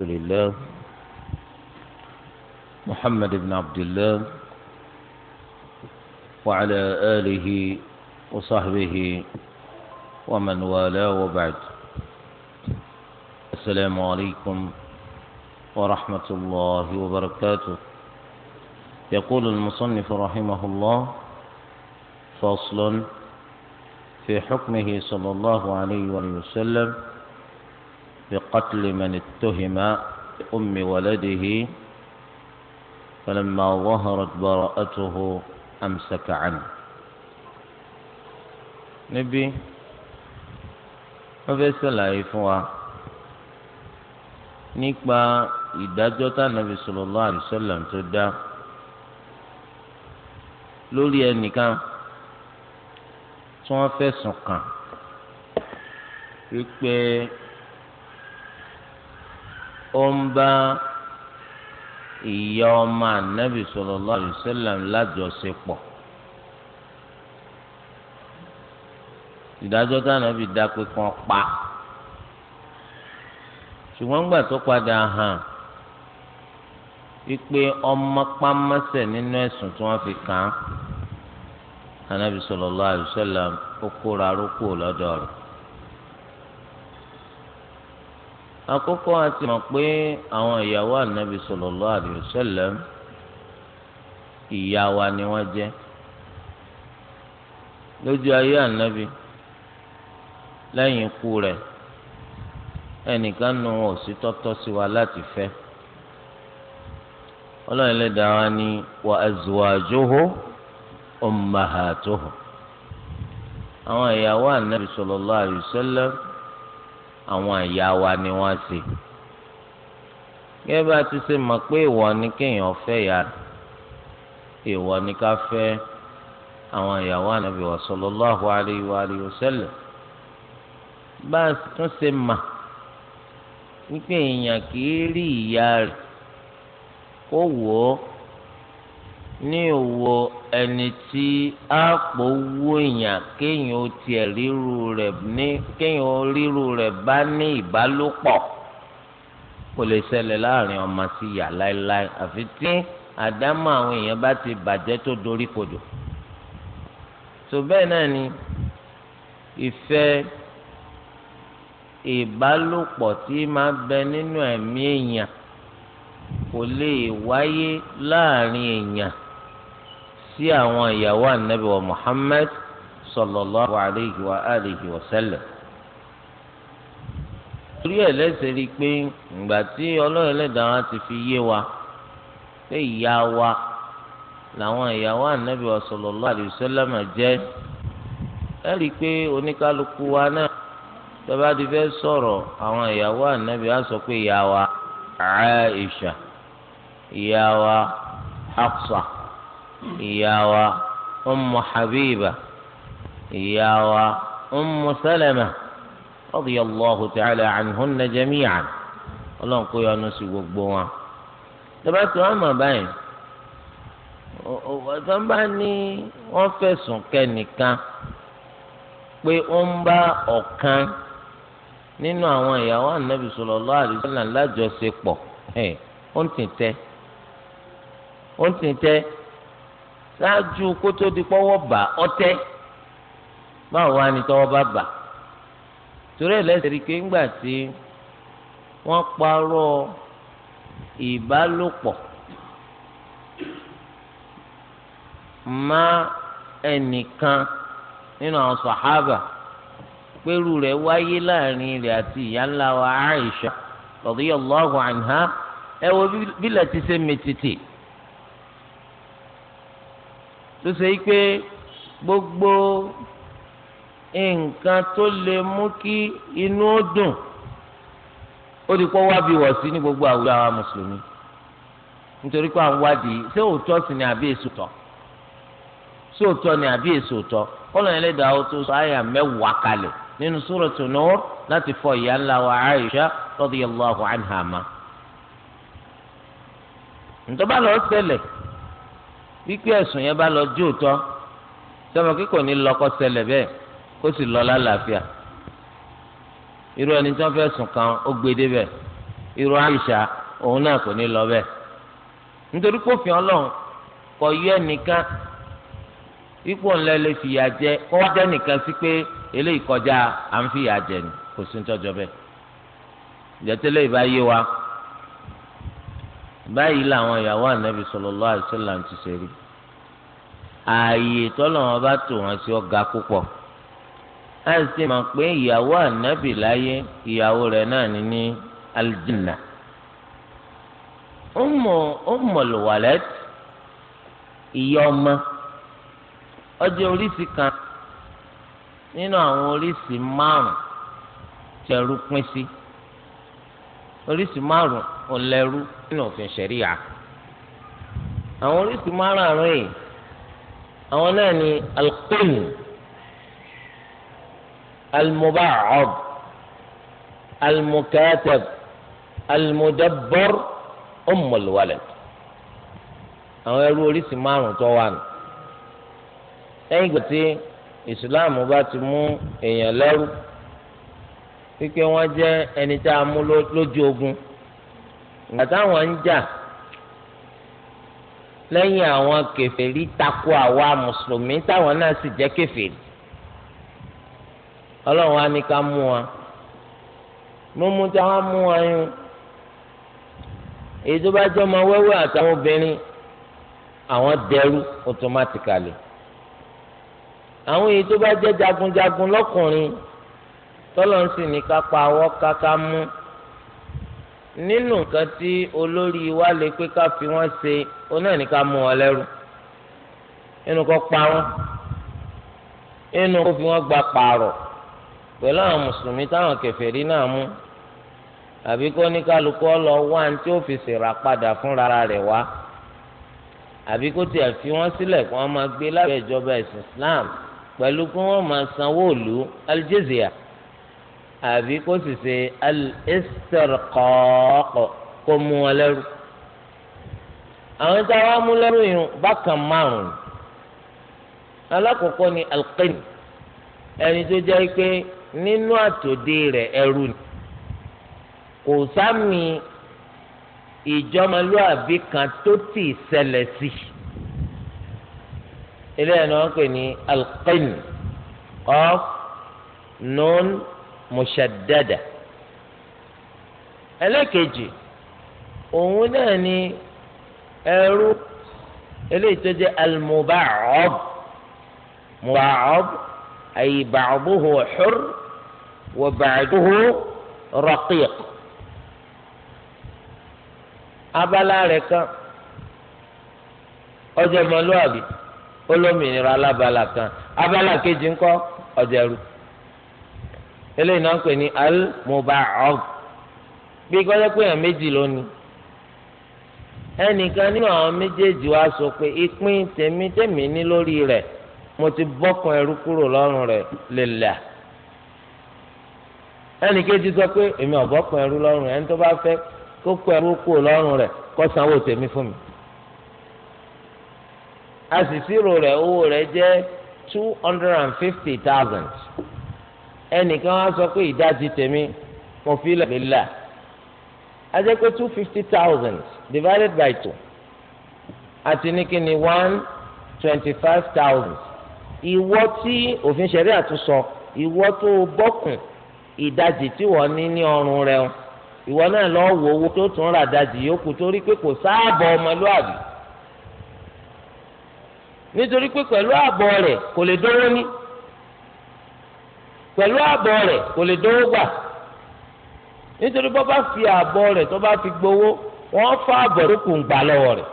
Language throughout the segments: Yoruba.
الحمد لله محمد بن عبد الله وعلى آله وصحبه ومن والاه وبعد السلام عليكم ورحمة الله وبركاته يقول المصنف رحمه الله فصل في حكمه صلى الله عليه وسلم في قتل من اتهم ام ولده فلما ظهرت براءته امسك عنه نبي وفيس العيفوى نكبى إدادة النبي صلى الله عليه وسلم تدى لولي أنك توفي سقا يكبى O ń bá ìyá ọmọ ànábì sallallahu alaihi wasallam lájọṣepọ̀ ìdájọ́ dá pé kàn pa ṣùgbọ́n gbà tó padà hàn wípé ọmọ pámásẹ̀ nínú ẹ̀sùn tí wọ́n fi kàn án ànábì sallallahu alaihi wasallam ó kóra lọ́dọ̀ Akụkọ a mọ̀ pé àwọn ìyàwó anabi sallallahu alaihi wasallam wa ni wọ́n je lójú ayé anabi lẹ́yìn ikú rẹ̀ ẹnìkan nu òsì tọ́tọ́ sí wa láti fẹ́ ọlọ́run ẹlẹ́dàá wa ni wa azwajuhu ummahatuhu àwọn ìyàwó anabi sallallahu alaihi àwọn ìyá wa ni wọ́n ṣe gẹ́gẹ́ bá ti ṣe mọ̀ pé ìwọ ni kéèyàn fẹ́ ya ìwọ ni ká fẹ́ àwọn ìyàwó ànábì wa sallallahu alayhi wa alihi wa bá a tún ṣe mọ̀ wípé èèyàn kì í rí ìyá rẹ̀ kó wò ní òwò ẹni tí àpò wó èèyàn kéèyàn ó tiẹ̀ ríru rẹ̀ ní kéèyàn ó ríru rẹ̀ bá ní ìbálòpọ̀ kò lè ṣẹlẹ̀ láàrin ọmọ sí ìyá láéláé àfi tí àdámọ̀ àwọn èèyàn bá ti bàjẹ́ tó dorí kodò tó bẹ́ẹ̀ náà ni ìfẹ́ ìbálòpọ̀ tí máa bẹ nínú ẹ̀mí èèyàn kò lè wáyé láàrin èèyàn sí àwọn ìyàwó ànábì wa Muhammad sallallahu alayhi wa alihi wa sallam torí ẹ̀ lẹ́sẹ̀ rí i pé ti fi yé wa pé ìyá wa làwọn ìyàwó ànábì sallallahu alayhi wa sallam jẹ́ ẹ rí i pé oníkálukú wa náà tọ́ba ti fẹ́ sọ̀rọ̀ àwọn ìyàwó wa sọ wa Aisha ìyá wa ìyá wa ummu habiba ìyá wa ummu salama radiyallahu ta'ala anhunna jami'an ọlọ́run kó yọ ọ́nà sí gbogbo wọn. tọ́ba tí wọ́n mọ̀ báyìí ó ń bá ọ̀kan nínú àwọn ìyàwó ànábì sallallahu alaihi wasallam lájọṣepọ̀ ó ń ó ń ṣáájú kótó di pọ́wọ́ bà ọtẹ́ báwo wá ní tọ́wọ́ bá bà torí ẹ̀ lẹ́sẹ̀ rí i pé ńgbà tí wọ́n parọ́ ìbálòpọ̀ má ẹnìkan nínú àwọn sàhábà pẹ̀lú rẹ̀ wáyé láàrin rẹ̀ àti ìyá ńlá wa Aisha radiyallahu anha ẹ wo bílẹ̀ ti ṣe mètìtì. tó ṣe pé gbogbo nǹkan tó lè mú kí inú ó dùn ó di kó wá wọ̀ sí ní gbogbo àwùjọ àwa mùsùlùmí nítorí pé àwọn wádìí ṣé ni àbí èso tọ́ ṣé òótọ́ ni àbí èso tọ́ kọ́lọ̀ yẹn lè tó sọ àyà mẹ́wàá kalẹ̀ nínú láti fọ ìyá ńlá wa Aisha radiyallahu anha ma. ntọ́ba lọ sẹlẹ̀ wípé ẹ̀sùn yẹn bá lọ jí òótọ́ sọ́mọ kí kò ní lọ́kọ́ ṣẹlẹ̀ bẹ́ẹ̀ kó sì lọ lálàáfíà irú ẹni tí wọ́n kan ó gbé débẹ̀ irú àyíṣà òun náà kò ní lọ bẹ́ẹ̀ nítorí kófin Ọlọ́run kò yọ ẹnìkan ipò ńlẹ lè fìyà jẹ kó wá jẹ nìkan sí pé eléyìí kọjá à ń fìyà jẹ ni kò sí ń wa. báyìí làwọn ìyàwó ànábì sallallahu alaihi wasallam ti ṣe rí ààyè tọ́lọ́wọ́n bá tò wọ́n sí ọ̀gá púpọ̀ láì sí máa pé ìyàwó ànábì láyé ìyàwó rẹ̀ náà ní ní aljanna Ummu Ummul Walad ìyá ọmọ ọjọ́ oríṣi kan nínú àwọn oríṣi márùn-ún pín sí. Si oríṣi márùn ọ̀lẹ́rú nínú òfin ṣẹ̀ríyà àwọn oríṣi márùn àrùn yìí àwọn náà ni alqin almubacob almukatab almudabbar ọmọlúwalẹ àwọn ẹrú oríṣi márùn tó wà nù lẹ́yìn ìgbà tí ìsìláàmù bá ti mú èèyàn lẹ́rú wípé wọ́n jẹ́ ẹni tá a mú lójú ogun ìgbà táwọn ń jà lẹ́yìn àwọn kèfèrí takò àwa mùsùlùmí táwọn náà sì jẹ́ kèfèrí ọlọ́run á ní ká mú wa mímú tí wọ́n mú wa yún èyí tó bá jẹ́ ọmọ wẹ́wẹ́ àtàwọn obìnrin àwọn dẹrú automatically àwọn èyí tó bá jẹ́ jagunjagun lọ́kùnrin tọ́lọ́ sì ní ká pa awọ́ káká mú nínú nǹkan tí olórí wa lè pé ká fi wọ́n ṣe òun náà ní ká mú wọn lẹ́rú inú kó pa wọn inú kó fi wọn gba pààrọ̀ pẹ̀lú àwọn mùsùlùmí táwọn kèfèrí náà mú àbí kó ní kálukú ọlọ wá ní tí ó fi ṣèrà padà fúnra rẹ̀ wá àbí kó tiẹ̀ fi wọ́n sílẹ̀ kí wọ́n máa gbé lábẹ́ ìjọba ìsìn Islam pẹ̀lú kí wọ́n máa sanwó ìlú aljizia àbí kó sì ṣe al-istirqaq kó mú wọn lẹ́rú àwọn tí a wá mú lẹ́rú yìí bákan márùn-ún alákọ̀ọ́kọ́ ni alqin ẹni tó jẹ́ pé nínú àtòdé rẹ̀ ẹrú ni kò sámi ìjọmọlúàbí kan tó tì í ṣẹlẹ̀ sí ilé ẹ̀ ni pè ní alqin qaf nun mushaddada ẹlẹ́kejì òun náà ni ẹrú eléyìí tó jẹ́ al-muba'ab muba'ab ay ba'duhu hurr wa ba'duhu raqiq abala rẹ̀ kan ọjọ́ ìmọ̀lúwàbí olómìnira alábala kan abala kejì ńkọ́ ọjọ́ ẹrú eléyìí náà ń pè ní al-mubarak bí kọ́jọ́ pé èèyàn méjì lónìí ẹnìkan nínú àwọn méjèèjì wa sọ pé ìpín tèmi tèmi ní lórí rẹ̀ mo ti bọ́kàn ẹrú kúrò lọ́rùn rẹ̀ lélẹ̀ ẹnìkejì sọ pé èmi ò bọ́kàn ẹrú lọ́rùn ẹni tó bá fẹ́ kó kó ẹrú kúrò lọ́rùn rẹ̀ kó sanwó tèmi fún mi àṣìṣirò rẹ̀ owó rẹ̀ jẹ́ two hundred and fifty thousand ẹnìkan wá sọ pé ìdajì tèmi mo fi lẹ̀ mí là á jẹ́ pé two fifty thousand divided by two àti ní kí ni one twenty five thousand ìwọ tí òfin ṣẹ̀rí àtúnṣọ ìwọ tó bọ́kùn ìdajì tí wọ́n ní ní ọrùn rẹ̀ o ìwọ náà lọ wo owó tó tún rà dajì yòókù torí pé kò sáàbọ̀ ọmọlúàbí nítorí pé pẹ̀lú àbọ̀ rẹ̀ kò lè dówó ní pẹ̀lú ààbọ̀ rẹ̀ kò lè dówó gbà nítorí bọ́ bá fi ààbọ̀ rẹ̀ tó bá fi gbowó wọ́n fọ́ ààbọ̀ tó kù ń gbà lọ́wọ́ rẹ̀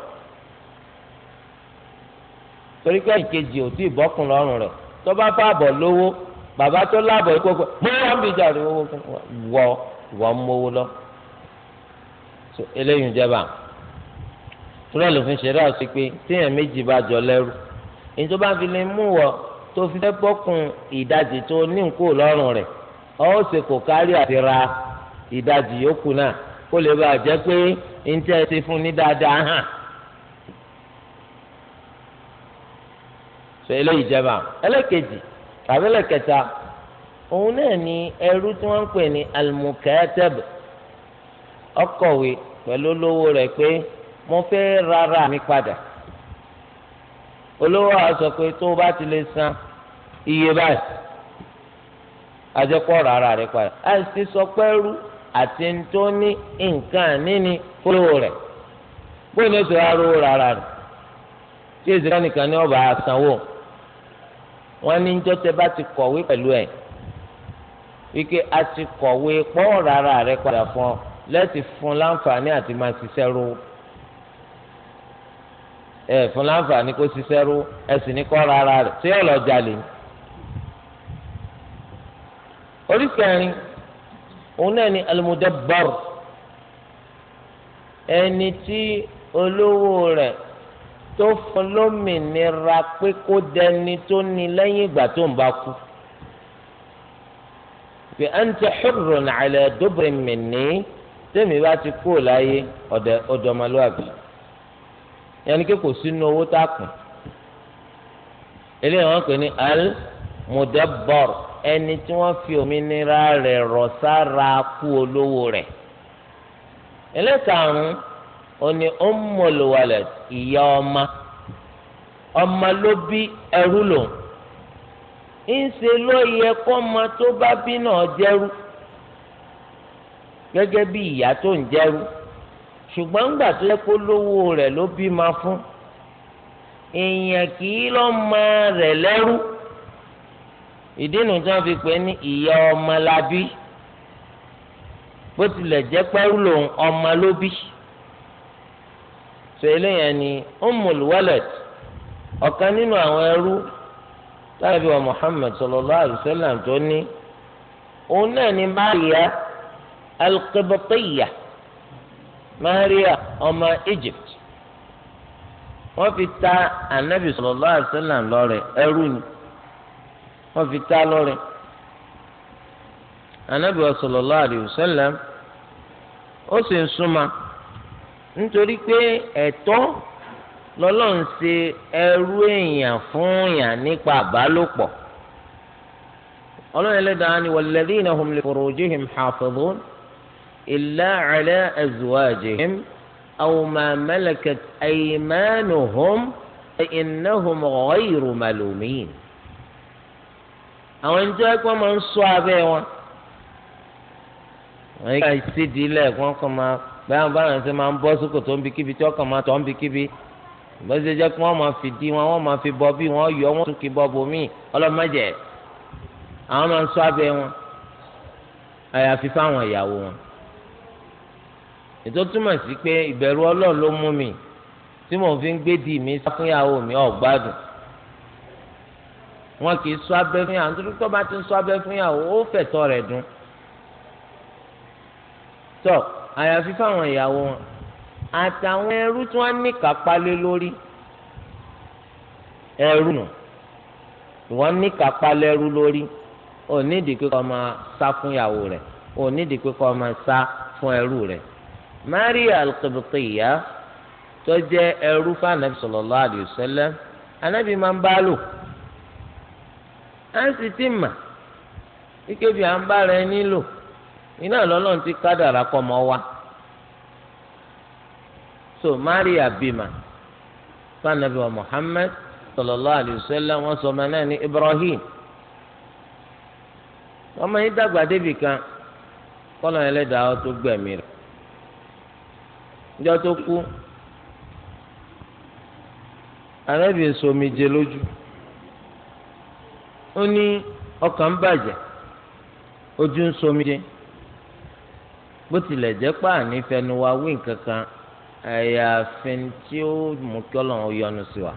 torí pé ìkejì ò tí ì bọ́kùn lọ́rùn rẹ̀ tó bá fọ́ ààbọ̀ lówó bàbá tó láàbọ̀ ikú ọkọ mú wọn bí ìjà rẹ owó wọ wọ́n mówó lọ eléyìí ń jẹba túrọ̀ lófin ṣẹlẹ̀ àti pé téèyàn méjì bá jọ lẹ́rú ìjọba fi lè mú wọ tó fi fẹ́ bọ́kùn ìdajì tó ní nǹkó lọ́rùn rẹ̀ ọ́ kò kárí àti ra ìdajì yòókù náà kó lè bàa jẹ́ pé ń tẹ́ ti fún ní dáadáa hàn. sọ eléyìí jẹba ẹlẹ́kejì ni ẹrú tí wọ́n ń pè ní mo fẹ́ rárá mi padà. olówó àṣọ pé tó o bá ti lè san iye báyìí ajẹ́pọ̀ rárá rẹ̀ padà àìsí sọ pẹ́rú àti tó ní nǹkan níní fúlówó rẹ̀ bóyá ní oṣù rárá owó rárá rẹ̀ tí èsì kan nìkan ní ọba àsanwó wọn ní njọ́ tẹ bá ti kọ̀wé pẹ̀lú ẹ̀ wíkẹ́ a ti kọ̀wé pọ́ rárá rẹ̀ padà fún ọ lẹ́tì fún láǹfààní àti máa ṣiṣẹ́ rówó ẹ fún láǹfààní kó ṣiṣẹ́ rú ẹ sì ní kọ́ rárá rẹ̀ ṣé ọ̀lọ́ jalè ni. orí kẹrin òun náà ni al-mudabbar ẹni tí olówó rẹ̀ tó fún lómìnira pé kó dẹni tó ní lẹ́yìn ìgbà tó ń bá kú. pé anta hurrun ala dubrin minni tèmi bá ti kú láyé ọ̀dọ̀ ọmọlúwàbí yẹn ni kò sínú owó tá a kùn eléyìí wọ́n pè ní al mudabbar ẹni tí wọ́n fi òmìnira rẹ̀ rọ̀ sára kú olówó rẹ̀ ẹlẹ́karùn-ún òní ummul walad ìyá ọmọ ọmọ ló bí ẹrú lòun ńṣe ló yẹ kọ́mọ tó bá bí náà jẹ́rú gẹ́gẹ́ bí ìyá tó ń jẹ́rú ṣùgbọ́n gbà tó yẹ kó lówó rẹ̀ ló bí ma fún èèyàn kì í lọ́ mọ rẹ̀ lẹ́rú ìdí nu tí wọ́n fi pè ní ìyá ọmọ labí bó tilẹ̀ jẹ́ pẹ́rú lòun ọmọ ló bí sọ eléyàn ni Ummul ọ̀kan nínú àwọn ẹrú tábí wa Muhammad sallallahu alaihi tó ní òun náà ní báyìí Al-Qibtiyya. Maria ọmọ Egypt wọ́n fi ta anabi sọlọ alaihi wasallam lọ́rẹ ẹrú ni wọ́n fi ta lọ́rẹ anabi sallallahu alaihi wasallam ó sì ń súnmọ́ nítorí pé ẹ̀tọ́ lọ́lọ́run ṣe ẹrú èèyàn fún èèyàn nípa ni إلا على أزواجهم أو ما ملكت أيمانهم فإنهم غير ملومين. àwọn ẹni tó máa ń ṣọ́ abẹ́ wọn wọ́n yí ká ìsídìí ilẹ̀ kí kàn máa báyọ̀ báyọ̀ ṣe máa ń bọ́ sókò tó ń bi kíbi tí wọ́n kàn máa tọ́ ń bi kíbi bó ṣe jẹ́ kí wọ́n máa fi di wọn wọ́n máa fi bọ́ bí wọ́n yọ wọ́n tún kí bọ́ bomi ọlọ́mọdé àwọn máa ń ṣọ́ abẹ́ wọn àyàfi fáwọn ìyàwó wọn ètò túmọ̀ sí pé ìbẹ̀rù ọlọ́run ló mú mi tí mò ń fi ń gbé di mi sá fún ìyàwó mi ọ̀gbádùn wọn kì í sọ abẹ́ fún ìyàwó nítorí tó bá ti ń sọ abẹ́ fún ìyàwó ó fẹ̀tọ́ rẹ̀ dùn tọ àyàfi fáwọn ìyàwó wọn àtàwọn ẹrú tí wọn ní kápálé lórí ẹrú nù wọn ní kápálé ẹrú lórí ò ní ìdí pé kó máa sá fún ìyàwó rẹ̀ ò ní ìdí pé kó máa sá fún ẹrú rẹ̀ maria alqibtiya tó jẹ́ ẹrú fún anabi sallallahu alayhi wa sallam anabi máa ń bá lò á sì ti mà ike bí à ń bá rẹ nílò iná lọ́lọ́run ti kádàrá kọ́ mọ́ wa so maria bímà fún anabi wa muhammad sallallahu alayhi wa sọ ọmọ náà ní ibrahim ọmọ yìí dàgbà débì kan kọ́nà tó gbẹ̀mí rẹ̀. níjọ́ tó kú omi sọmijé lójú ó ní ọkàn bàjẹ́ ojú ń sọmijé bó tilẹ̀ jẹ́ pé àní fẹnu wa wí nǹkan kan àyàfin tí ó mú kí ọlọ́run yọ́nú sí wa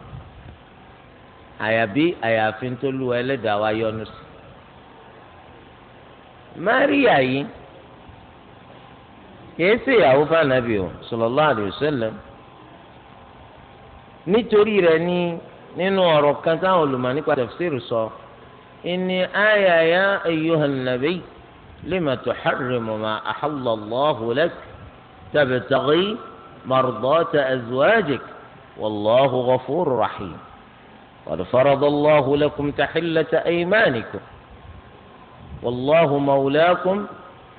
àyàbí àyàfin tó lu ẹlẹ́dàá wa yọ́nú sí. Máríà yìí. kìí ṣe ìyàwó fànàbì o sallallahu alaihi wasallam nítorí rẹ̀ ní nínú ọ̀rọ̀ kan táwọn olùmọ̀ nípa tafsiru sọ ìní àyà ya ayyuhan nabi lima tuharrimu ma ahalla Allahu lak tabtaghi mardata azwajik والله غفور رحيم قد فرض الله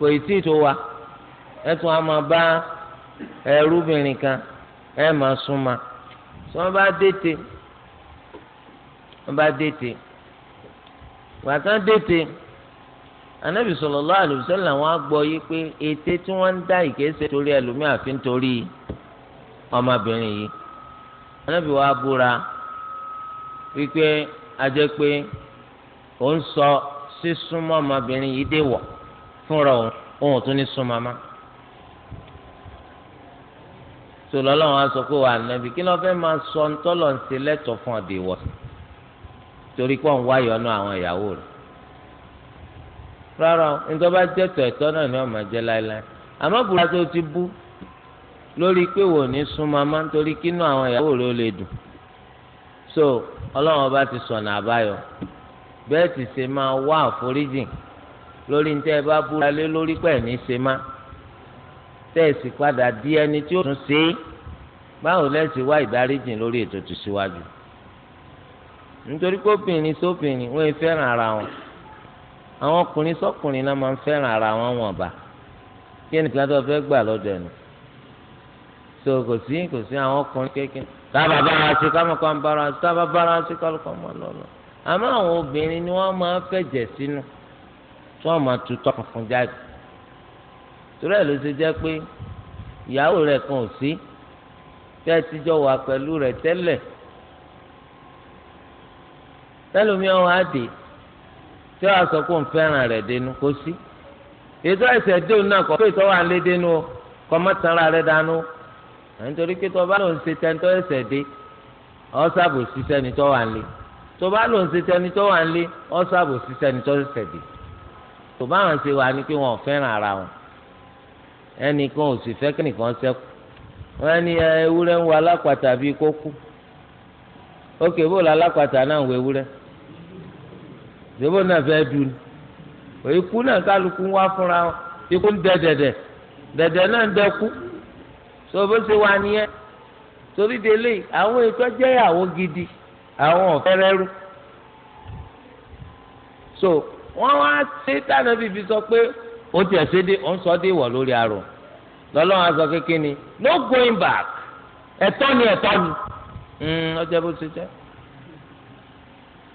kò ì tí tó wa ẹ tún máa bá ẹrúbìnrin kan ẹ máa súnmọ́ tí wọ́n bá dètè wọ́n bá dètè dètè anabi sallallahu alaihi wasallam wọ́n á gbọ́ yí pé ète tí wọ́n ń dá ìkéṣe torí ẹlòmíì anabi wa búra wípé pé ó ń sọ ọmọbìnrin yìí fúnra òun ò tún ní sún mama sọlọ́lọ́run á sọ pé wà nàbí kí ló fẹ́ máa sọ ntọ́lọ̀ ń ṣe lẹ́tọ̀ọ́ fún ọdẹ wọ̀ torí pọ̀ ń wáyọ̀ ọ́nà àwọn ìyàwó rẹ̀ rárá nítorí bá jẹ́tọ̀ ẹ̀tọ́ náà ni ọmọ jẹ́ láéláé àmọ́ bùrọ̀ tó ti bú lórí pé wò ní sún mama nítorí kínú àwọn ìyàwó rẹ̀ ó lè dùn so ọlọ́run ọba ti sọ̀nà àbáyọ bẹ́ẹ̀ ti ṣe máa wá àforíjìn lórí níta bá búra lé lórí pẹ̀ ní ṣe má padà di ẹni tí ó tún ṣe báwo lẹ́sìn wá ìdáríjìn lórí ètò tó síwájú nítorí pé obìnrin ara wọn àwọn ọkùnrin sọ́kùnrin náà máa ń ara wọn wọn bá kí ẹnìkan tó gbà lọdọ ẹnu so kò sí kò sí àwọn ọkùnrin kékeré tábà bára sí bára sí tábà bára sí àwọn obìnrin ni tí wọ́n máa tutọ́ funfun jáde torí ẹ̀ ló ṣe jẹ́ pé ìyàwó rẹ̀ kan ò sí tẹ́ ẹ ti jọ wà pẹ̀lú rẹ̀ tẹ́lẹ̀ tẹ́lómiọ́ wa dé tí wọ́n á sọ pé òun fẹ́ràn rẹ̀ dénú kó sí ètò ẹsẹ̀ déun náà kọ́ pé ìtọ́wà ń lé dénú o kọ́ mọ́ tanra rẹ̀ dánú nítorí pé tọ́ba ló ń ṣe tẹ́ntọ́ ẹsẹ̀ dé ọ́ sábò ṣiṣẹ́ ni tọ́wà ń lé tọ́ba ló ń ṣe tẹ́ni tọ́wà ń lé ọ́ sábò ṣiṣẹ́ ni tó bá wọn ṣe wà ní pé wọn ò fẹ́ràn ara wọn ẹnìkan ò sì fẹ́ kí nìkan ṣẹ́kù wọn ní ewúrẹ́ ń wọ alápàtà bíi kókú ókè bó la alápàtà náà ń wọ ewúrẹ́ ṣèbó náà fẹ́ dùn ikú náà kálukú ń wá fúnra wọn ikú ń dẹ dẹ̀dẹ̀ dẹ̀dẹ̀ náà ń dẹkú tó bó ṣe wà nìyẹn torí délé àwọn ètò jẹ́yàwó gidi àwọn ọ̀fẹ́rẹ́rú so wọ́n wá ṣe tànà bíbí sọ pé ó tiẹ̀ ṣe dé òun sọ dé ìwọ̀ lórí arò lọ́lọ́run aṣọ kékeré ni no going back ẹ̀tọ́ ni ẹ̀tọ́ ni ọjọ́ hmm, bó ṣe jẹ́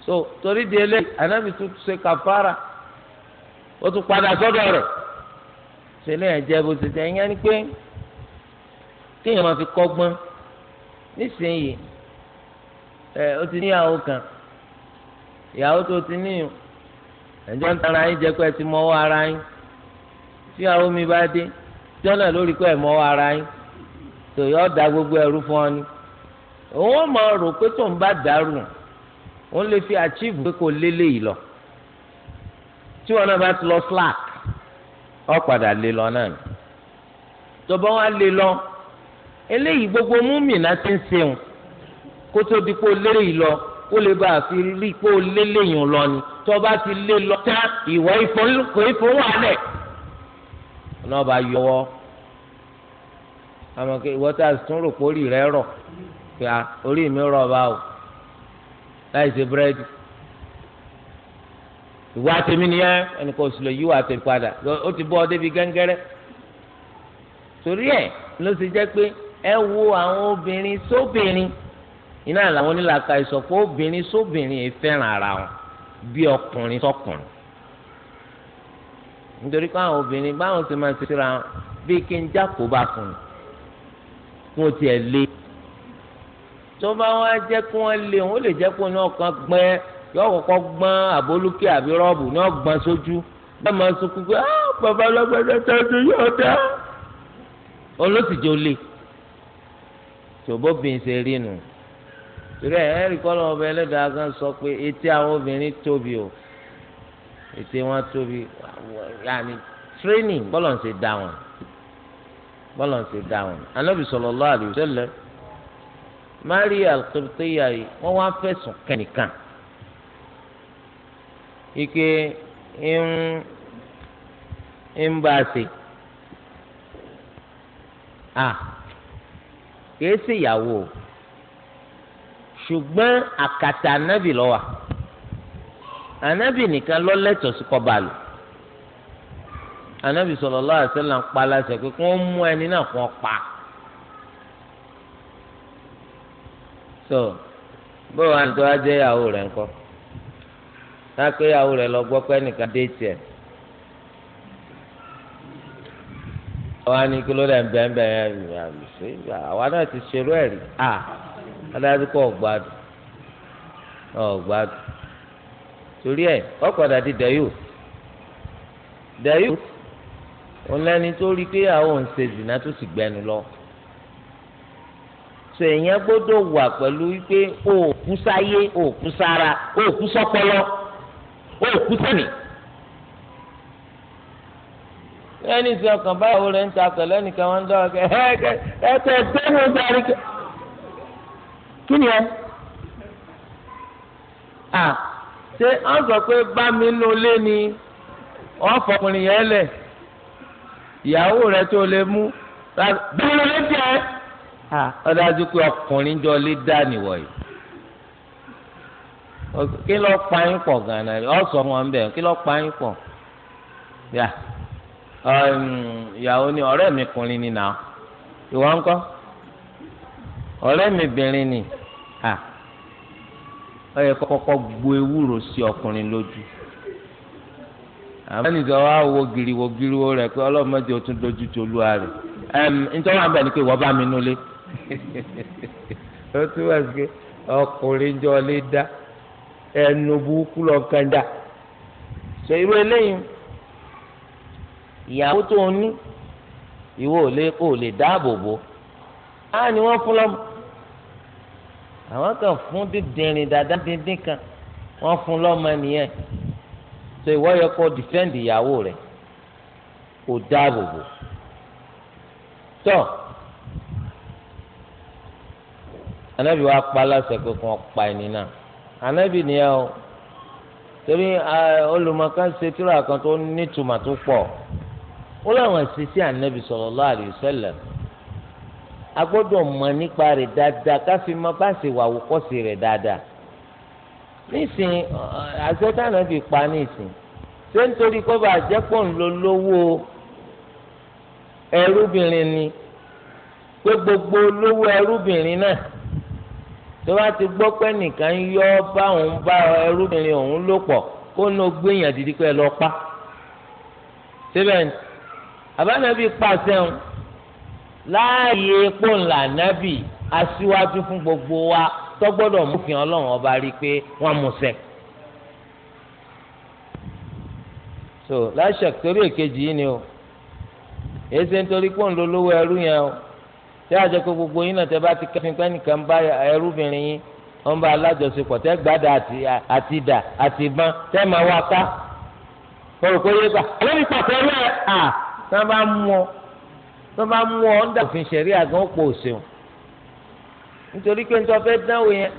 so torí di eléyìí anábì tún ṣe kàfàrà ó tún padà sọ́dọ̀ rẹ̀ ṣe lè jẹ́ bó ṣe jẹ́ ìyẹn ni pé kéèyàn máa fi kọ́gbọ́n nísìnyí ẹ̀ ó ti níyàwó kan ìyàwó tó ti níyàn ẹ̀jọ́ ń tara yín jẹ́ pé ẹ ti mọ́wọ́ ara yín tí àwọn omi bá dé jọ́nà lórí pé ẹ̀ mọ́wọ́ ara yín tó yọ da gbogbo ẹrú fún ọ ni òun máa rò pé tóun bá dàrú òun lè fi achieve pé kò lélẹ̀ yìí lọ tí wọn náà bá ti lọ slack ọ padà lé lọ náà ni tọba wọn lé lọ eléyìí gbogbo múmìnà ti ń ṣeun kó tó di pé ó lé yìí lọ kó lè bá a fi rí pé ó lé léyìn lọ ni tó o bá ti lé lọ tán ìwọ ìfowópamọ́ ìfowópamọ́ náà bá yọwọ́ àmọ́ kí ìwọ tá a tún rò pé orí rẹ rọ̀ pé a orí mi rọ̀ bá o láì ṣe búrẹ́dì ìwọ àtẹ̀mí nìyẹn ẹnì kan oṣù lè yíwọ àtẹ̀mí padà ó ti bọ́ ọ débi gẹ́ngẹ́rẹ́ torí ẹ̀ ló ti jẹ́ pé ẹ wo àwọn obìnrin sóbìnrin. So iná làwọn onílàka ìsọ̀fọ̀ obìnrin sóbìnrin yìí fẹ́ràn ara wọn bí ọkùnrin sọkùnrin nítorí pé àwọn obìnrin báwọn ti máa ń ṣera bí kí n jákòó bá fún un kí wọ́n tiẹ̀ lé tó bá wá jẹ́ kí wọ́n lé wọn ó lè jẹ́ kó ní ọkàn gbẹ́ yọ kọ́kọ́ gbọ́n àbólúkè àbí rọ́ọ̀bù ní ọgbọ́n sójú bá máa sunkún pé bàbá lọ́gbẹ́dẹ́ tẹ́tẹ́ yóò dá olóṣìjọ́ lé tòbóbìnrin ṣe rí nù torí ẹ ẹrí kọ́ lọ́wọ́ ọba ẹlẹ́dàá gan sọ pé etí àwọn obìnrin tóbi o etí wọn tóbi yàní training bọ́lọ̀ ń ṣe dá wọn bọ́lọ̀ ń ṣe dá wọn anábì sallallahu alaihi wasallam Maria al-Qibtiyya yìí wọ́n wá fẹ̀sùn kẹ́nìkan ike ń bá a ṣe ah kìí ṣèyàwó o ṣùgbọ́n àkàtà ànábì lọ́wà ànábì nìkan lọ́lẹ́tọ̀ sí kọ́ balù ànábì sallallahu alaihi wasallam ń pa aláṣẹ pé kí wọ́n mú ẹni náà kó pa. so bó wàá ní tó wá jẹ́ ìyàwó rẹ̀ ńkọ́ sáàpé ìyàwó rẹ̀ lọ gbọ́ pé ẹnìkan dé tiẹ̀. àwa ni kí ló dẹ̀ ń bẹ́ẹ̀ bẹ́ẹ̀ àwa náà ti ṣerú ẹ̀rí adájú kọ́ ọ̀gbádùn ọ̀gbádùn torí ẹ̀ ọ̀padà di dẹ́yù dẹ́yù ọ̀lẹ́ni tó rí pé àwọn ò ń ṣe zìnà tó sì gbẹnu lọ so èèyàn gbọ́dọ̀ wà pẹ̀lú wípé o ò kú sáyé o ò kú sára o ò kú sọ́pọlọ o ò kú sẹ́nì. ẹnì sí ọkàn báyàwó rẹ̀ ń ta pẹ̀lú ẹnìkan wọn ń dọ́wọ́ kẹ́ ẹ kẹ́ ẹ tẹ̀ ẹ́ tẹ́ ẹ́ mú sáré kẹ́. kí ni ẹ à ṣé ọ sọ pé bá mi nù lé ni ọ fọkùnrin yẹn lẹ ìyàwó rẹ tó lè mú bẹ́ẹ̀ ló lè jẹ ọ pé ọkùnrin jọ lè dá nìwọ yìí kí lọ pa yín pọ̀ ganan ọ sọ wọn kí lọ pa yín pọ yà um, ìyàwó ni mi kùnrin ni nà ìwọ mi bìnrin ni. à ó yẹ kọ́kọ́ gbo ewúro sí ọkùnrin lójú àmọ́ nìjọ wa wo giriwo giriwo rẹ̀ pé ọlọ́mọdé o tún dojú tó lu ààrẹ ẹm nítorí àwọn bẹ̀ ni pé wọ́n bá mi nulẹ̀ ó tún wá sí pé ọkùnrin jọ lè dá ẹnu burúkú lọ kàn dá ṣe irú eléyìí ìyàwó tó o ní ìwọ ò lè dáàbò bò á ni wọ́n fún lọ́mọ àwọn kan fún dídìrín dada dídín kan wọ́n fún lọ́mọ nìyẹn so ìwọ yẹ kó defend ìyàwó rẹ̀ kó dáàbò bò tọ́ anabi wa pa aláṣẹ pé kí wọ́n pa ẹni náà anabi nìyẹn o torí olùmọ̀kan ṣe tíra kan tó nítumọ̀ tó pọ̀ ó láwọn ṣiṣẹ́ anabi sallallahu alaihi wasallam a gbọ́dọ̀ mọ̀ nípa rẹ̀ dáadáa ká fi mọ bá ṣe wà wòkọ́sí rẹ̀ dáadáa nísìn àṣetánà fi pa nísìn ṣé nítorí kó bá jẹ́pọ̀ ń lo lówó ẹrúbìnrin ni pé gbogbo lówó ẹrúbìnrin náà tó bá ti gbọ́ pé nìkan yọ bá òun bá ẹrúbìnrin òun lò pọ̀ kó ní o gbéyàn dídí pé ẹ lọ pa síbẹ̀ àbánabi pàṣẹ òun láàyè epo ńlá nábì aṣíwájú fún gbogbo wa tó gbọ́dọ̀ mú ọba rí i pé wọ́n mú so láṣẹ torí èkejì yìí ni o èyí ṣe ń torí pé òun ló lówó ẹrú yẹn o tí a jẹ pé gbogbo yín náà tẹ bá ti kẹfin pé nìkan bá ẹrúbìnrin yín wọn bá alájọṣepọ̀ tẹ gbàdá àti ìdà àti ìbọn tẹ máa wá ká kọ̀rọ̀kọ̀ yé gbà. olórí pàtẹ́wọ́ ẹ̀ à tí wọ́n bá mú ọ tó bá mú ọ ń dà òfin ṣẹ̀rí àgàn pò ṣeun nítorí pé nítorí ọfẹ́ dánwò yẹn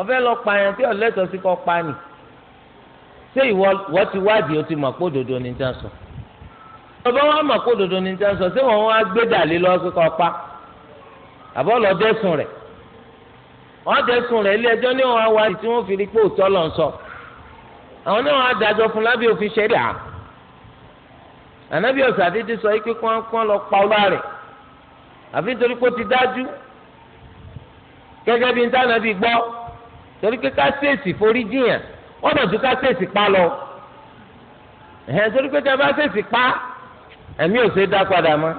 ọfẹ́ lọ pààyàn tí ọ̀lẹ́tọ̀ sí kọ́ pa ni ṣé ìwọ ti wádìí o ti mọ̀ pé òdodo ni já sọ ọba wa mọ̀ pé òdodo ni já sọ ṣé wọn wá gbé dàlí lọ sí kọ́ pa àbọ̀ lọ dẹ́sùn rẹ̀ wọ́n dẹ́sùn rẹ̀ ilé ẹjọ́ ní wọn wá tí wọ́n fi rí pé òótọ́ lọ sọ àwọn náà wọn adájọ́ fún lábẹ́ òfin ṣẹ̀rí àgàn ànábì ọ̀sẹ̀ àdédé sọ yìí pé kọ́ńkọ́ń lọ pa ọlá rẹ̀ àfi nítorí pé ó ti dájú gẹ́gẹ́ bí níta ànábì gbọ́ torí pé kásẹ̀sì forí jiyàn ọ̀nà tó kásẹ̀sì pa lọ ẹ̀hẹ́n torí pé tẹ́ bá sẹ̀sì pa ẹ̀mí ò ṣe dá padà mọ́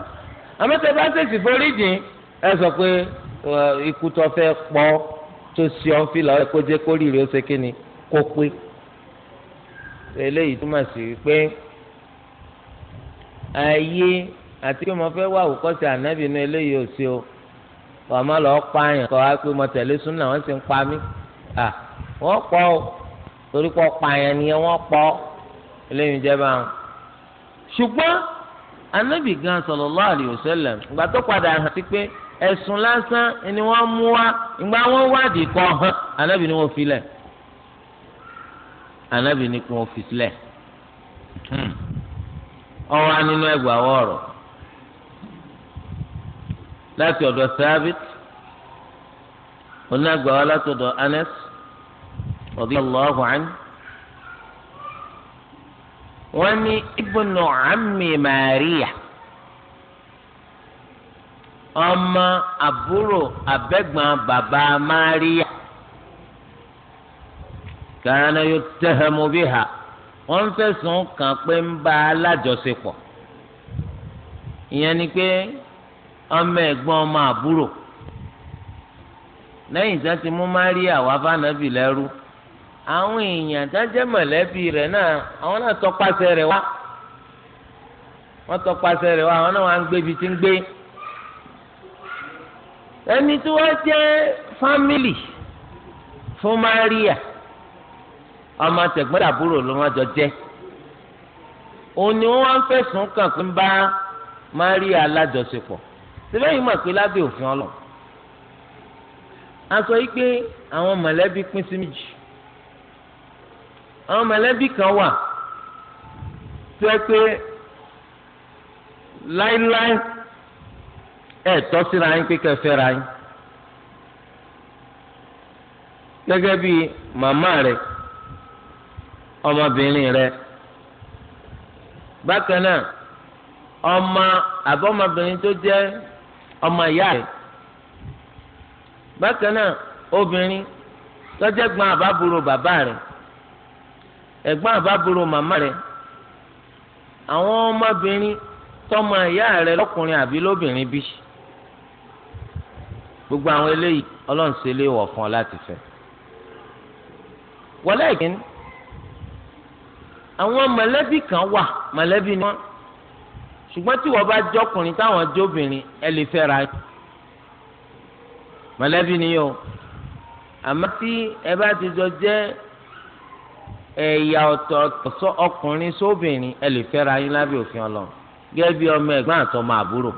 àmọ́ tẹ́ bá sẹ̀sì forí jìn ẹ sọ pé ikú tó fẹ́ pọ́ tó ṣe ọ́n fi lọ́ọ́ kó jẹ́ kórìíre ó ṣe kíni kó pé eléyìí túmọ̀ sí pé ayé àti pé mo fẹ́ wá àwòkọ́sí ànábì inú eléyìí ò sí o wàá má lọ́ọ́ pààyàn kọ́ wá pé mo tẹ̀lé súnà wọ́n sì ń pa mí à wọ́n pọ̀ o torí pọ̀ pààyàn nìyẹn wọ́n pọ̀ eléyìí jẹ́ bá wọn. ṣùgbọ́n ànábì gan sallallahu alaihi wasallam ìgbà tó padà hàn sí pé ẹ̀sùn lásán ni wọ́n mú wá ìgbà wọ́n wádìí kọ́ hàn ànábì ni wọ́n fi lẹ̀ ànábì ni wọ́n fi sílẹ̀. Hmm. ọwọ́ nínú ẹgbà ọ̀rọ̀ láti ọ̀dọ̀ sábìt onágbà wa láti ọ̀dọ̀ Anas radiyallahu anhu wọ́n ní ibnu ammi Mariya ọmọ àbúrò abẹ́gbọ̀n bàbá Mariya kana yutahamu ha wọ́n ń fẹ̀sùn kàn pé ń bá alájọṣepọ̀ ìyẹn ni pé ọmọ ẹ̀gbọ́n ọmọ àbúrò lẹ́yìn tí wọ́n ti mú Maria wá fànàbì lẹ́rú àwọn èèyàn dájẹ́ mọ̀lẹ́bí rẹ̀ náà àwọn náà tọpasẹ̀ rẹ̀ wá wọ́n tọpasẹ̀ rẹ̀ wá àwọn náà wà ń gbé ibi tí ń gbé ẹni tí wọ́n jẹ́ fámìlì fún Maria ọmọ tẹ̀gbọ́dàbúrò ló wọn jọ jẹ́ òun ni wọ́n ń fẹ̀sùn kàn pé ń bá Maria alájọṣepọ̀ síbẹ̀ yìí mọ̀ pé lábẹ́ òfin ọlọ́ a sọ yìí pé àwọn mọ̀lẹ́bí pín sí méjì àwọn mọ̀lẹ́bí kan wà tó ẹ pé láíláí ẹ̀ tọ́ síra yín pé kẹfẹ́ ra yín gẹ́gẹ́ bí màmá rẹ̀ ọmọbìnrin rẹ bákan náà ọmọ àbọ̀mọbìnrin tó jẹ́ ọmọ ìyá rẹ bákan náà obìnrin tọ́jẹ́ gbọ́n àbábúrò bàbá rẹ ẹ̀gbọ́n àbábúrò màmá rẹ àwọn ọmọbìnrin tọmọ ìyá rẹ lọ́kùnrin àbí lóbìnrin bí gbogbo àwọn eléyìí ọlọ́run ṣe léèwọ̀ fún ọ láti fẹ́ wọlé ìkíni àwọn mọ̀lẹ́bí kan wà mọ̀lẹ́bí ni wọ́n ṣùgbọ́n tí wọ́n bá jọkùnrin táwọn jóbìnrin ẹ lè fẹ́ ra mọ̀lẹ́bí ni yóò àmọ́ tí ẹ bá ti jọ jẹ́ ẹ̀yà ọ̀tọ̀ọ̀tọ̀ sọ ọkùnrin sóbìnrin ẹ lè fẹ́ ra yín lábẹ́ òfin ọlọ́run gẹ́gẹ́ bí ọmọ ẹ̀gbọ́n àtọmọ àbúrò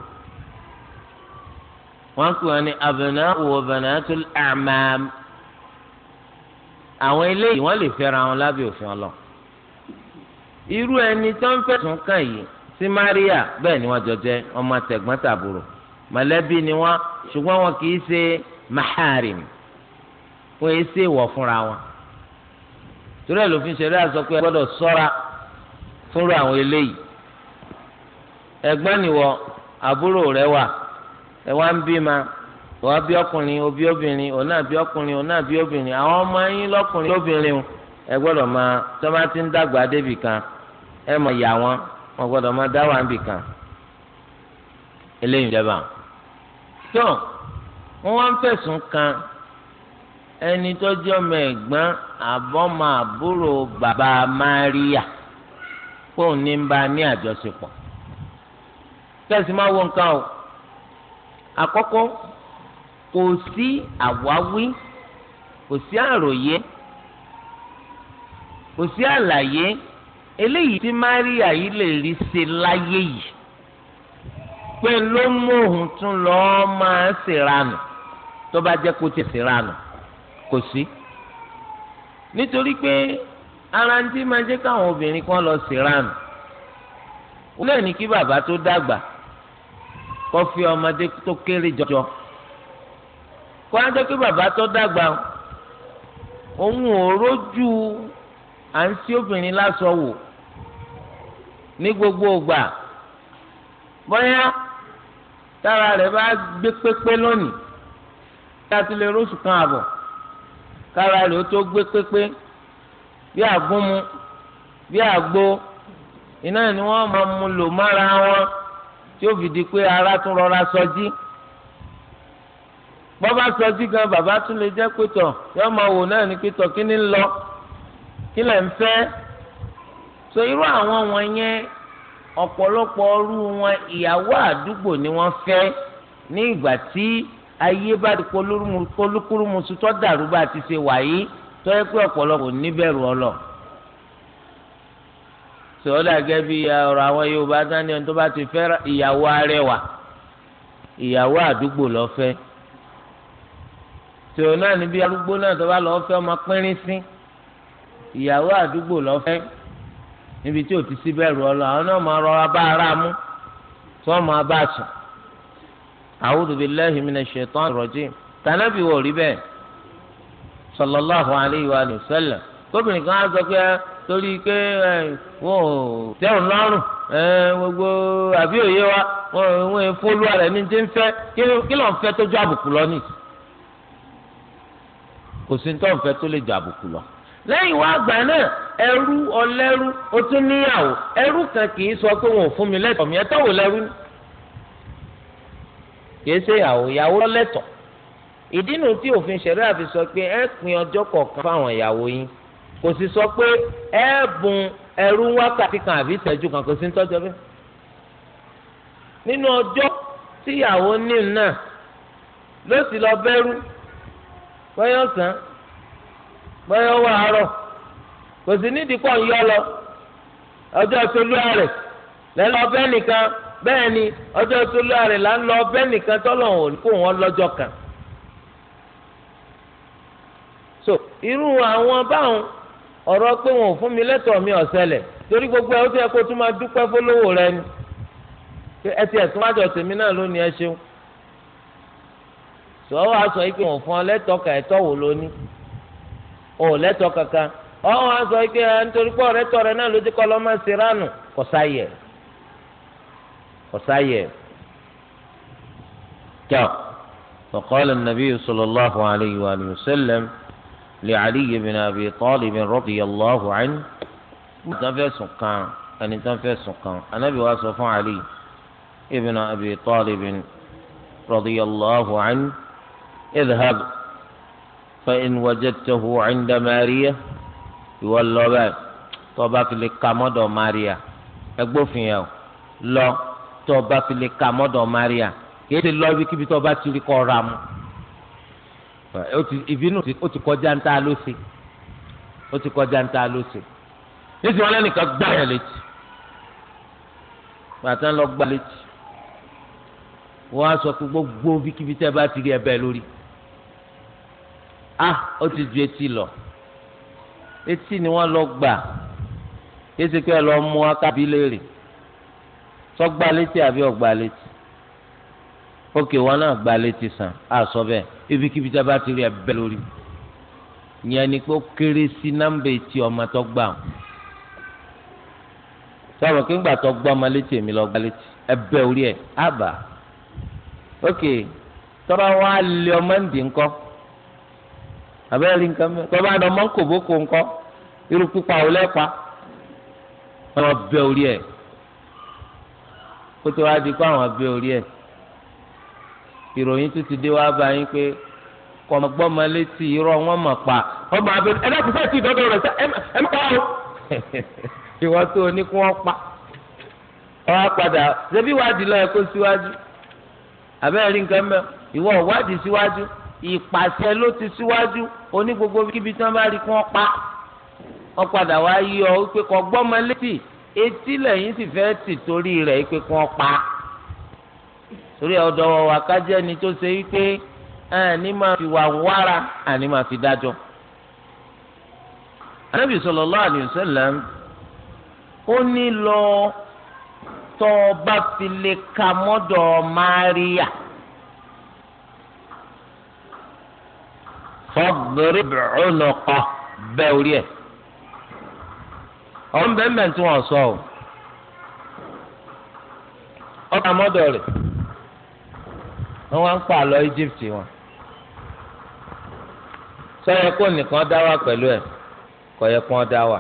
wọ́n pè wọ́n ní abna'u wa banatul a'mam àwọn eléyìí wọ́n lè fẹ́ ra wọn lábẹ́ òfin ọlọ́run. irú ẹni tó ń fẹ̀sùn kàn yìí sí Maria bẹ́ẹ̀ ni wọ́n jọ jẹ́ ọmọ tẹ̀gbọ́n tàbúrò mọ̀lẹ́bí ni wọ́n ṣùgbọ́n wọn kì í ṣe maharim wọ́n yìí ṣe fúnra wọn torí ẹ̀ lófin ṣẹlẹ̀ àsọ pé ẹ gbọdọ sọra fúnra àwọn eléyìí ẹ̀gbọ́n nìwọ àbúrò rẹ wà ẹ wá ń bí ma wọ́n bí ọkùnrin òbí obìnrin òun náà bí ọkùnrin òun náà bí obìnrin àwọn ọmọ yín lọ́kùnrin lóbìnrin ẹ gbọ́dọ̀ máa tọ́ ń dàgbà débì kan ẹ mọ̀ yà wọn wọn gbọ́dọ̀ máa dá wà ń bì kan eléyìí jẹba tó wọn wá ń fẹ̀sùn kan ẹni tó jẹ́ ọmọ ẹ̀gbọ́n àbọmọ àbúrò bàbá Maria fóun ní ń bá ní àjọṣepọ̀ kẹsì máa wọ nǹkan o àkọ́kọ́ kò sí àwáwí kò sí àròyé kò sí àlàyé eléyìí tí Maria yìí lè rí ṣe láyé yìí pé ló mú òun tún lọ́ọ́ máa ṣèrànù tó bá jẹ́ kó ti ṣèrànù kò sí nítorí pé ara ń tí máa jẹ́ káwọn obìnrin kan lọ ṣèrànù ó lè ní kí bàbá tó dàgbà kó fi ọmọdé tó kéré jọjọ kó á jẹ́ kí bàbá tó dàgbà òun ò rójú à ń sí obìnrin lásọ wò ní gbogbo ògbà bóyá tára rẹ̀ bá gbé pépé lónìí láti lè róṣù kan àbọ̀ kára rẹ̀ ó tó gbé pépé bí àgúnmu bí àgbo iná ni wọ́n máa mú lò mára wọn tí ó fi di pé ara tún rọra sọjí bọ́bá sọjí gan bàbá tún lè jẹ́ pé tọ̀ yọ́ọ́ máa wò náà ní pé tọ̀ kí ni ń lọ kí lẹ̀ ń fẹ́ so irú àwọn wọn yẹn ọ̀pọ̀lọpọ̀ ọrú wọn ìyàwó àdúgbò ni wọ́n fẹ́ ní ìgbà tí ayé bá ti polúkúrúmuṣu tó dàrú bá ti ṣe wàyí tó yẹ pé ọ̀pọ̀lọpọ̀ níbẹ̀rù ọlọ. sọ̀rọ̀ gẹ́gẹ́ bí ọ̀rọ̀ àwọn Yorùbá dání ọ̀n tó bá ti fẹ́ ìyàwó arẹwà ìyàwó àdúgbò lọ fẹ́. sọ̀rọ̀ náà níbi arúgbó náà tó bá lọ fẹ́ ọmọ pínrín sí ìyàwó àdúgbò lọ fẹ́ níbi tí ò ti sí bẹ́ẹ̀ rú ọ lọ àwọn náà máa rọra bá ara mú tí wọ́n máa bá sùn. a'udhu billahi minash shaitani rajim tànàbí wò rí bẹ́ẹ̀ sallallahu alayhi wa sallam gómìnà kan á sọ pé torí pé wọn ò tẹ́wọ̀n lọ́rùn gbogbo àbí òye wa wọn ò fólú ara ẹni tí ń fẹ́ kí ló ń fẹ́ tó ju àbùkù lọ nìyí kò sí ní tó ń fẹ́ tó lè ju àbùkù lọ lẹ́yìn wá àgbà náà ẹrú ọlẹ́rú ó tún níyàwó ẹrú kan kì í sọ pé wọn ò fún mi lẹ́tọ̀ mi ẹ̀tọ́ wò lẹ́rú ni kì í ṣe ìyàwó ìyàwó lẹ́tọ̀ ìdí nu tí òfin ṣẹ̀ríà fi sọ pé ẹ pín ọjọ́ kọ̀ọ̀kan fáwọn ìyàwó yín kò sì sọ pé ẹ bùn ẹrú wákàtí kan àbí ìṣẹ́jú kan kò sí ń tọ́jọ́ bẹ́ẹ̀ nínú ọjọ́ tíyàwó ní náà ló sì lọ bẹ́rú bọ́yọ̀sán bóyá wà àárọ̀ kò sí nídìí pọ̀ ń yọ lọ ọjọ́ tolú àrẹ̀ lẹ́nu ọbẹ̀ nìkan ni ọjọ́ tolú àrẹ̀ là ń lọ ọbẹ̀ nìkan tọ́lọ̀ ò kó wọn so irú àwọn báwọn ọrọ pé wọn ò fún mi lẹ́tọ̀ọ́ mi ọ̀sẹ̀lẹ̀ torí gbogbo ẹ̀ ó ti yẹ kó tún máa rẹ ni ẹ ti wájọ tèmi náà lónìí ẹ ṣeun sọ wàá sọ yìí pé wọn fún ọ ò lẹ́tọ̀ọ́ kankan ọ̀hún á sọ pé ẹ nítorí pé ọ̀rẹ́ tọ̀rẹ́ náà ló ti kọ́ lọ́mọ sí ránù kò sáyẹ̀ kò sáyẹ̀ jọ فقال النبي صلى الله عليه وآله وسلم لعلي بن أبي طالب رضي الله عنه تنفسوا كان أن تنفسوا كان النبي وصف علي ابن أبي طالب رضي الله عنه اذهب فإن وجدته عند ماريا يولى tọba fi ماريا. ka mọdọ maria ẹgbófin yẹn o lọ tọba fi lè ka mọdọ maria kìí ti lọ ibikíbi tọba ti rí kọ ra mu ìbínú ó ti kọjá ń ta ló ṣe ó gbá yẹn létí bàtà ń lọ gbá létí wọn á sọ gbogbo ibikíbi tẹ́ bá ti rí ẹ lórí ah ó ti ju etí lọ etí ni wọ́n lọ gbà kése pé ẹ lọ mú akábí léèrè sọgbà létí àbí ọgbà létí ókè wọn náà gbà létí sàn á sọ bẹ́ẹ̀ ibikíbi tá a bá ti rí ẹ bẹ lórí ìyẹn ni pé ó kéré sí nọ́mbà etí ọmọ tó gbà wọn sọ̀rọ̀ kí n gbà tó gbọ́ ọmọ létí èmi lọ gbà létí ẹ bẹ orí ẹ àbá ókè tọ́ba wa lé ọmọ ǹdí ńkọ́ abẹ́rẹ́ rí nǹkan mẹ́rin tọ́ba àdán mọ́ kò bókò ńkọ́ irú pípa ò lẹ́pa àwọn bẹ orí ẹ̀ kó tó wá di kó àwọn bẹ orí ẹ̀ ìròyìn tó ti dé wá bá yín pé kọ̀mọ̀gbọ́mọ létí irọ́ wọn mọ̀ pa ọmọ abẹ ẹ dákun fẹ́ẹ́ ti dọ́dọ̀ rẹ̀ sẹ́ ẹ mọ̀ pa o ìwọ tó o ní kí wọ́n pa ọ̀rọ̀ padà ṣebí wádìí lọ́ọ́ ẹ̀kọ́ síwájú abẹ́rẹ́ rí nǹkan mẹ́rin ìwọ wádìí síwájú ìpàṣẹ ló ti síwájú oní gbogbo kíbi tí wọ́n bá rí kí wọ́n pa wọ́n padà wá yí ọ wípé kò gbọ́mọ létí etí lẹ́yìn sì fẹ́ tì torí rẹ̀ wípé kí wọ́n pa torí ọ̀dọ̀ wa kájẹ́ ni tó ṣe wípé àní máa fi wà wára àní máa fi dájọ́. Ànábì sallallahu alaihi wasallam ó ní lọ tọ́ ọ bá fi lè ka mọ́dọ̀ Máríà. fọ́bìrì ọ̀nàkọ́ bẹ́ orí ẹ̀. ọ̀n bẹ́ẹ̀ bẹ́ẹ̀ tí wọ́n sọ ọ́ ọ̀tá mọ́dọ̀ rẹ̀ wọ́n wá ń pa àlọ́ Egypt wọn. sọ́yẹ kó nìkan dá wà pẹ̀lú ẹ̀ kọ̀ kó wọ́n dá wà.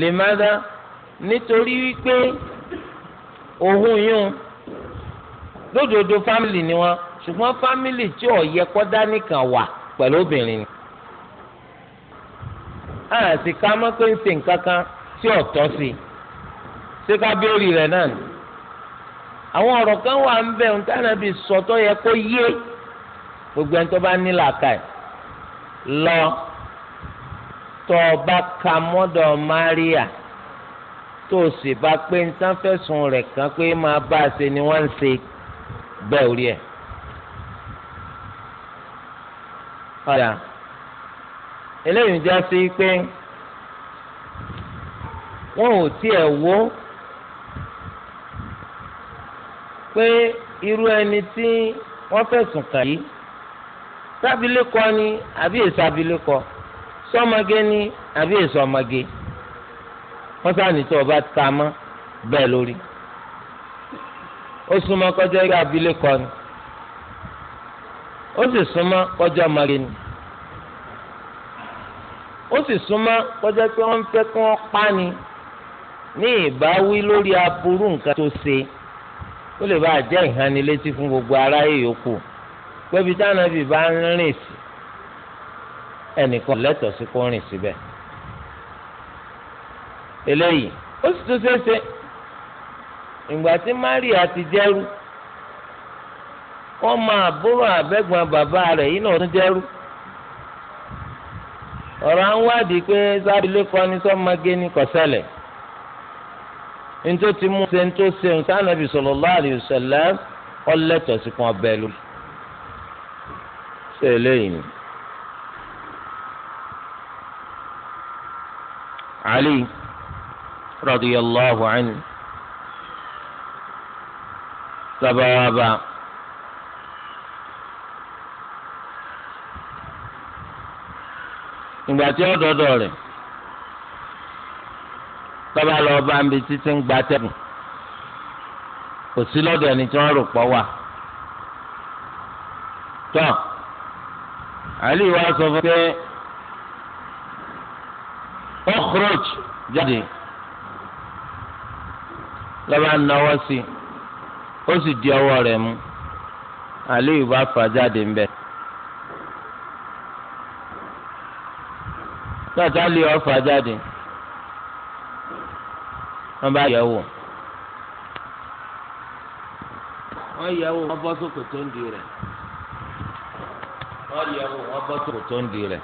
lè má dá nítorí wípé òun yún lódodo fámìlì ni wọn ṣùgbọ́n fámìlì tí ò dá nìkan wà pẹ̀lú obìnrin ni. àti ká má pé ń ṣe nǹkan kan tí ò tọ́ sí i ṣé ká béèrè rẹ̀ náà ni. àwọn ọ̀rọ̀ kan wà ń bẹ̀ ń tànà bí sọ̀tọ́ yẹ kó yé gbogbo ẹni tó bá ní làákàyè lọ tó o bá ka mọ́dọ̀ Maria tó o sì bá pé ń tán fẹ̀sùn rẹ̀ kan pé máa bá a ṣe ni wọ́n ń ṣe bẹ́ẹ̀ orí ẹ̀. ọ̀dà eléyìí já sí pé wọn ò ẹ wó pé irú ẹni tí wọ́n fẹ̀sùn kàn yìí sábìlẹ́kọ ni àbí èso abilékọ sọmọge ni àbí èso ọmọge wọ́n sáàní tó o bá ta mọ́ bẹ́ẹ̀ lórí ó súnmọ́ kọjá irú abilékọ ni. ó sì súnmọ́ kọjá mari ni ó sì súnmọ́ kọjá pé wọ́n fẹ́ kí wọ́n pa ni ní ìbáwí lórí aburú nǹkan tó ṣe ó lè bá jẹ́ ìhánilétí fún gbogbo aráyé yòókù pẹ́bi táwọn ẹbí bá ń rìn sí ẹnìkan lẹ́tọ̀ọ́ sí kó rìn síbẹ̀ eléyìí ó sì tún ṣeéṣe ìgbà tí Maria ti jẹ́rú wọ́n máa búrò àbẹ́gbọ̀n bàbá rẹ̀ yìí náà tún jẹ́rú. ọ̀rọ̀ à ń wádìí pé sábìlẹ̀ kan ní sọ́mọgé ní kọ̀sẹ́lẹ̀ nítorí mú ṣe tó ṣe nsánàbì sallallahu alaihi wasallam ọlẹ́tọ̀ sí kan ọbẹ̀ lù. ṣé eléyìí ni. Ali radiyallahu anhu sábàá bá. ìgbà tí ó dọ́dọ̀ rẹ̀ tọ́ba lọ bá ń bi títí ń gba tẹ́kùn kò sí lọ́dọ̀ ẹni tí wọ́n rò pọ̀ wà. tọ́ àlè wa sọ fún pé ọkùrọ̀ch jáde lọ́ba náwó sí ó sì di ọwọ́ rẹ̀ mú àlè ìbá fà jáde ń bẹ́ẹ̀. gbàtà lè ọfà jáde wọn bá yẹ̀ wò wọn yẹ̀ wò wọn bọ́ sókò tó ń di rẹ̀ wọn yẹ̀ wò wọn bọ́ sókò tó ń di rẹ̀.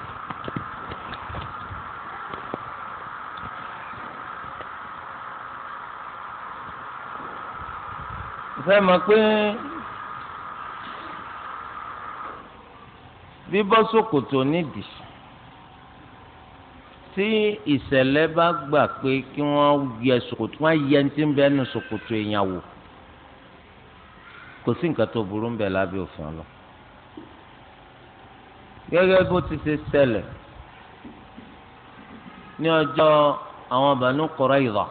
fẹ́ mọ̀ pé bíbọ́ sókòtò nídìí. tí ìṣẹ̀lẹ̀ bá gbà pé kí wọ́n yẹ ṣòkòtò wọ́n yẹ ẹni tí ń bẹ nu ṣòkòtò èèyàn wò kò sí nǹkan tó burú ń bẹ lábẹ́ òfin ọlọ. gẹ́gẹ́ bó ti ṣe ṣẹlẹ̀ ní ọjọ́ àwọn Banu Qurayza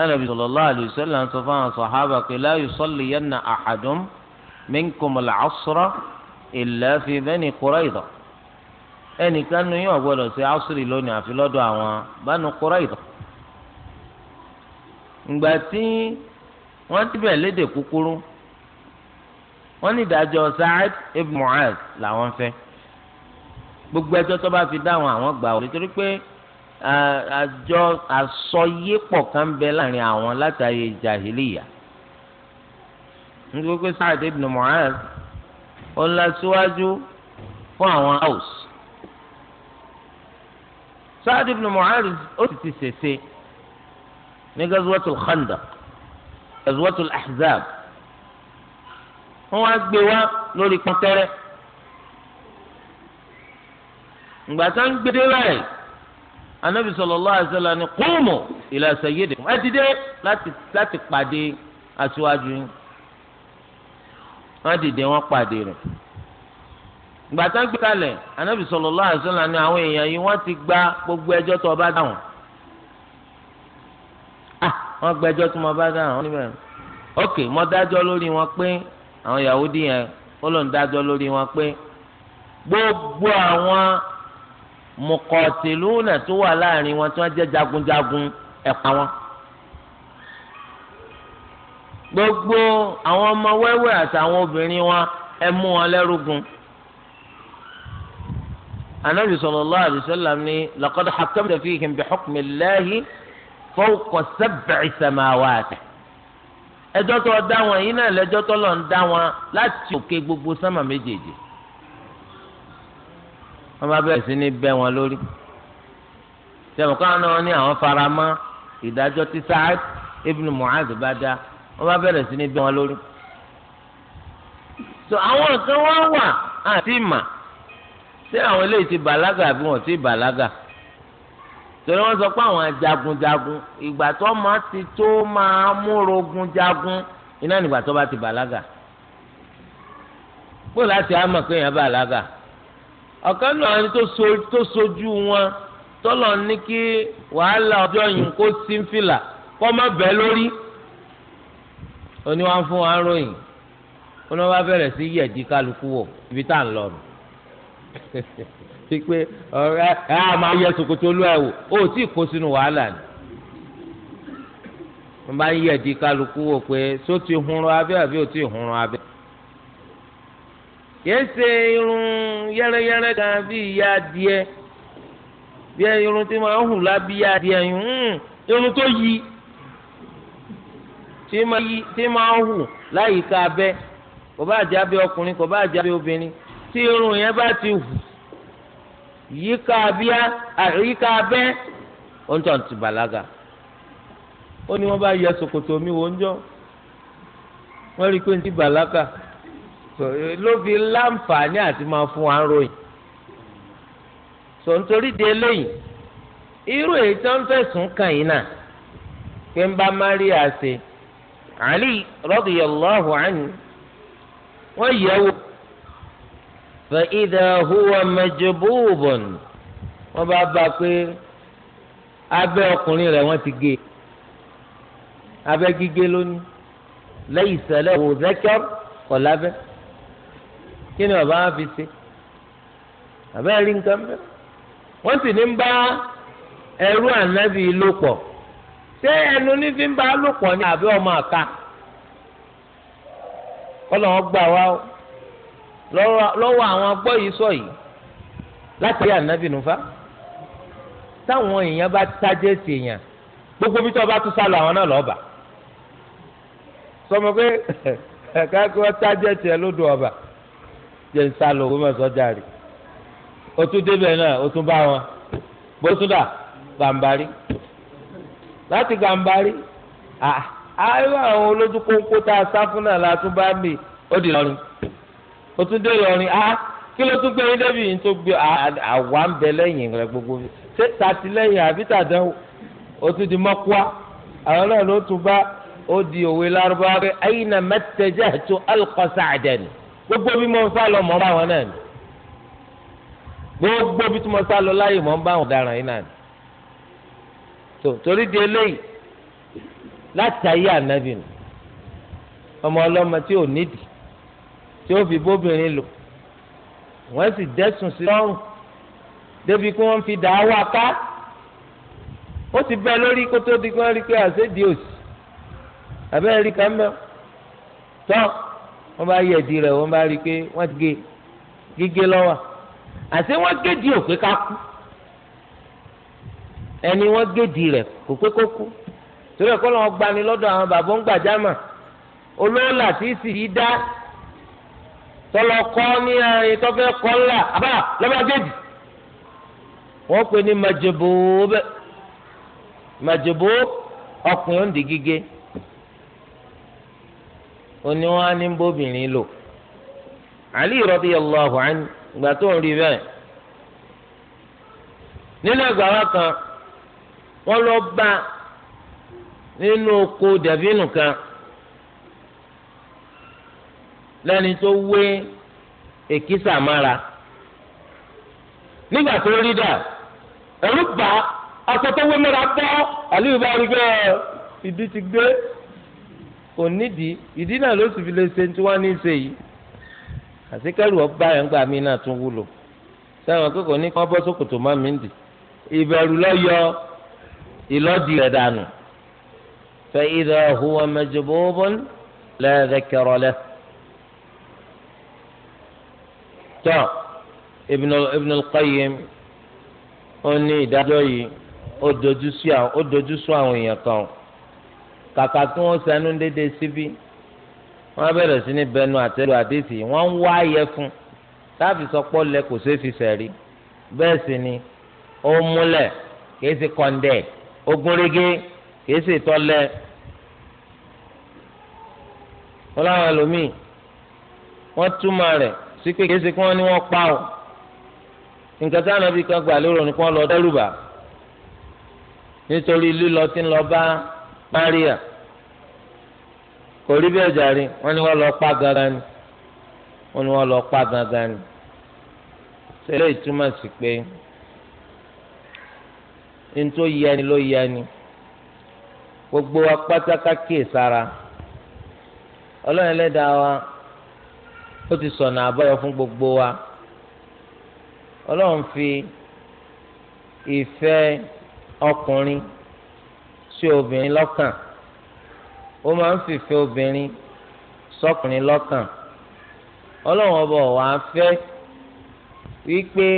Ànábì sallallahu alaihi wasallam ń sọ fáwọn sàhábà pé la yusalliyanna ahadun minkumul asra illa fi Bani Qurayza ẹnìkan nu yóò gbọ́dọ̀ ṣe asúrì lónìí àfi lọ́dọ̀ àwọn Banu Qurayza ìgbà tí wọ́n ti bẹ̀ léde kúkúrú wọ́n ní ìdájọ́ Sa'ad ibn Mu'adh làwọn fẹ́ gbogbo ẹjọ́ tó bá fi dáhùn àwọn gbà wọ́n nítorí pé àjọ àsọyépọ̀ kan bẹ láàrin àwọn látàrí jahiliya nítorí pé Sa'ad ibn Mu'adh ó ń lọ síwájú fún àwọn house Sa'ad ibn Mu'adh ó sì ti ṣèṣe ní Gazwatul Khandaq Gazwatul Ahzab wọ́n wá gbé wá lórí pọ́ntẹ́rẹ́ ìgbà tá ń gbédé báyìí anabi sallallahu alaihi wasallam ni qumu ila sayyidikum ẹ dìde láti láti pàdé aṣíwájú yín wọ́n dìde wọ́n pàdé rẹ̀ gbàtà gbé kalẹ̀ anabi sallallahu alaihi wasallam ni àwọn èèyàn yìí wọ́n ti gba gbogbo ẹjọ́ tó bá dà ah wọ́n gba ẹjọ́ tó bá dà níbẹ̀ ok mo dájọ́ lórí wọn pé àwọn Yahudi yẹn ó lóun dájọ́ lórí wọn pé gbogbo àwọn mùkọ̀tìlúnà tó wà láàrin wọn tí wọ́n jẹ́ jagunjagun ẹ pa wọ́n gbogbo àwọn ọmọ wẹ́wẹ́ àtàwọn obìnrin wọn ẹ mú wọn lẹ́rúgun. E anabi sallallahu alayhi wa sallam ní laqad hakamta fihim bi hukmillahi fawqa sab'i samawati ẹjọ́ tó dá wọn yìí náà lẹ́jọ́ tó lọ́n dá wọn láti òkè gbogbo sánmà méjèèjì wọ́n bá bẹ̀rẹ̀ sí ní bẹ́ wọn lórí tẹ̀wọ̀n náà ní àwọn faramọ́ ìdájọ́ tí Sa'ad ibn Mu'adh bá dá wọ́n bá bẹ̀rẹ̀ sí ní bẹ́ wọn lórí. tó àwọn kan wá wà àti ìmà ṣé àwọn eléyìí ti bàlágà àbí wọn ti bàlágà torí wọn sọ pé àwọn jagunjagun ìgbà tó máa ti tó máa múrogun jagun iná nígbà tó bá ti bàlágà pé láti á pé èèyàn bàlágà ọ̀kan náà ni tó sojú wọn tọ́lọ̀ ní kí wàhálà ọjọ́ yìí kó sí ń fìlà kọ́ má bẹ́ lórí oníwà fún wa ń ròyìn ó ní wọ́n bá bẹ̀rẹ̀ sí yẹ̀dí kálukú wọ̀ ibi tá à ń lọ fi pé ọ̀rẹ́ ẹ á máa yẹ ṣòkòtò olú ẹ wò ó tí ì kó sínú wàhálà ni mo bá ń yẹ di kálukú wò pé só ti hunrun abẹ́ àbí ò ti hunrun abẹ́ kìí ṣe irun yẹ́rẹ́yẹ́rẹ́ kan bí ìyá adìẹ bí irun tí máa ń hù lábí adìẹ hmm, irun tó yí tí máa ń hù láyìíká abẹ́ kò bá jẹ́ ọkùnrin kò bá jẹ́ obìnrin. tí irun yẹn bá ti hù yíká abíá àyíká abẹ́ òun tó ti bàlágà ó ní wọ́n bá yẹ mi wò ń jọ wọ́n rí i pé ń ti bàlágà ló fi láǹfààní àti máa fún wa ròyìn sọ de eléyìí irú èyí tó ń fẹ̀sùn kàn yín náà pé ń bá wọ́n fa idha huwa majbubun wọ́n bá bá a pé abẹ́ ọkùnrin rẹ̀ wọ́n ti gé abẹ́ gígé lónìí laysa lahu dhakar kọ̀ lábẹ́ kí ni bàbá wọn fi ṣe àbẹ́ rí nǹkan bẹ́ẹ̀ wọ́n sì ní ń bá ẹrú ànábì lò pọ̀ ṣé ẹnu ní fi ń bá lò pọ̀ ní àbẹ́ ọmọ àka kọ́ lọ́wọ́ gbà wá o lọ́wọ́ àwọn agbọ́ yìí sọ yìí láti ànábì nufa táwọn èèyàn bá tájẹ́ sí èèyàn gbogbo bí tó bá tún sálọ àwọn náà lọ́ọ̀bà sọmọ pé ẹ̀ka kí wọ́n tájẹ́ tiẹ̀ lódò ọba jẹ́ ń sálọ owó mẹ́sàn-án jàre o tún débẹ̀ náà o tún bá wọn bó tún dà gàǹbarí láti gàǹbarí àá àwọn olójú kónkó tá a sá fún náà la tún bá mi ó di lọ́rùn o tún dé lọrin a ah, kí ló tún gbé yín débi yín tó gbé ah, àwa ń bẹ lẹ́yìn rẹ gbogbo ṣé tàtìlẹ́yìn àbí tàdánwò o tún di mọ́kúá àwọn náà ló tún bá ó di òwe lárúbáwá pé ayína mẹtẹjẹ tó alùpàṣà àdẹni gbogbo bí mo fà lọ mọ bá wọn náà ni gbogbo bí tí mo sá lọ láyè mọ bá wọn daràn yín náà ni torí di eléyìí láti ayé ànábì ọmọ ọlọ́mọ tí ò nídìí tí ó fi bóbìnrin lò wọ́n sì dẹ́sùn sí lọ́rùn débi kí wọ́n fi dà á wá ká ó ti bẹ́ lórí kótó di kí wọ́n rí pé àṣédìí òsì àbẹ́rẹ́ rí kàmbẹ́ tọ́ wọ́n bá yẹ̀ di rẹ̀ wọ́n bá rí pé wọ́n ti gé gígé lọ́wọ́ àti wọ́n gédìí òpé ká ẹni wọ́n gédìí rẹ̀ kò pé kó kú torí ẹ̀kọ́ lọ́wọ́ gbani lọ́dọ̀ àwọn bàbá ń gbàjámà olóòlà tí ì sì yí dá tọlọ kọ́ ní ẹ̀yìn tó fẹ́ kọ́ ńlá àbá lọ́mọdéjì wọ́n pè ní màjèbó bẹ́ẹ̀ màjèbó ọkùnrin ń gígé oníwọ́n á ní bóbìnrin lò Ali radiyallahu anhu ìgbà tó ń rí bẹ́ẹ̀ nínú oko lẹ́ni tó wé èkísà mára nígbà tó rí dà ẹ̀rú bá aṣọ tó wé mẹ́ra bọ́ àlùyìí bá rí bẹ́ẹ̀ ìdí ti gbé kò nídìí ìdí náà ló sì fi lè ṣe tí wọ́n ní í ṣe yìí àtikẹ́rù ọba yẹn gbà mí náà tún wúlò sẹ́wọ̀n kókò ní kí wọ́n bọ́ sókòtò má mi ń dì ìbẹ̀rù lọ́yọ ìlọ́dì rẹ̀ dànù fa idha huwa majbubun la dhakara lahu. tọ́ Ibn al-Qayyim ó ní ìdájọ́ yìí ó dojú sún àwọn èèyàn kan kàkà tí wọ́n sẹ́nu dédé síbí wọ́n bẹ̀rẹ̀ sí ní bẹnu àtẹ́lu àdéhìí wọ́n ń wá ayẹ fún táàfì sọpọ́ lẹ kò ṣeé fi sẹ̀rí bẹ́ẹ̀ sì ni ó múlẹ̀ kìí ṣe kọ̀ǹdẹ̀ ó gúnrégé kìí ṣe tọ́lẹ̀ wọ́n láwọn ẹlòmíì wọ́n túmọ̀ rẹ̀ sí pé kìí ṣe kí wọ́n ní wọ́n pa ọ́ nǹkan tí ànábì kan gbà lérò ni kí wọ́n lọ dẹ́rùbà nítorí lílọ tí ń lọ bá Maria kò rí bẹ́ẹ̀ jàre wọ́n ní wọ́n lọ pa gangan ni wọ́n ní wọ́n lọ pa gangan ni ṣẹlẹ̀ ìtumọ̀ sí pé ntó yẹni ló yẹni gbogbo wa pátákà sára ọlọ́run ẹlẹ́dàá wa ó ti sọ̀nà àbáyọ fún gbogbo wa ọlọ́run fi ìfẹ́ ọkùnrin sí obìnrin lọ́kàn ó máa ń fìfẹ́ obìnrin sọ́kùnrin lọ́kàn ọlọ́run ọba ọ̀wá fẹ́ wípé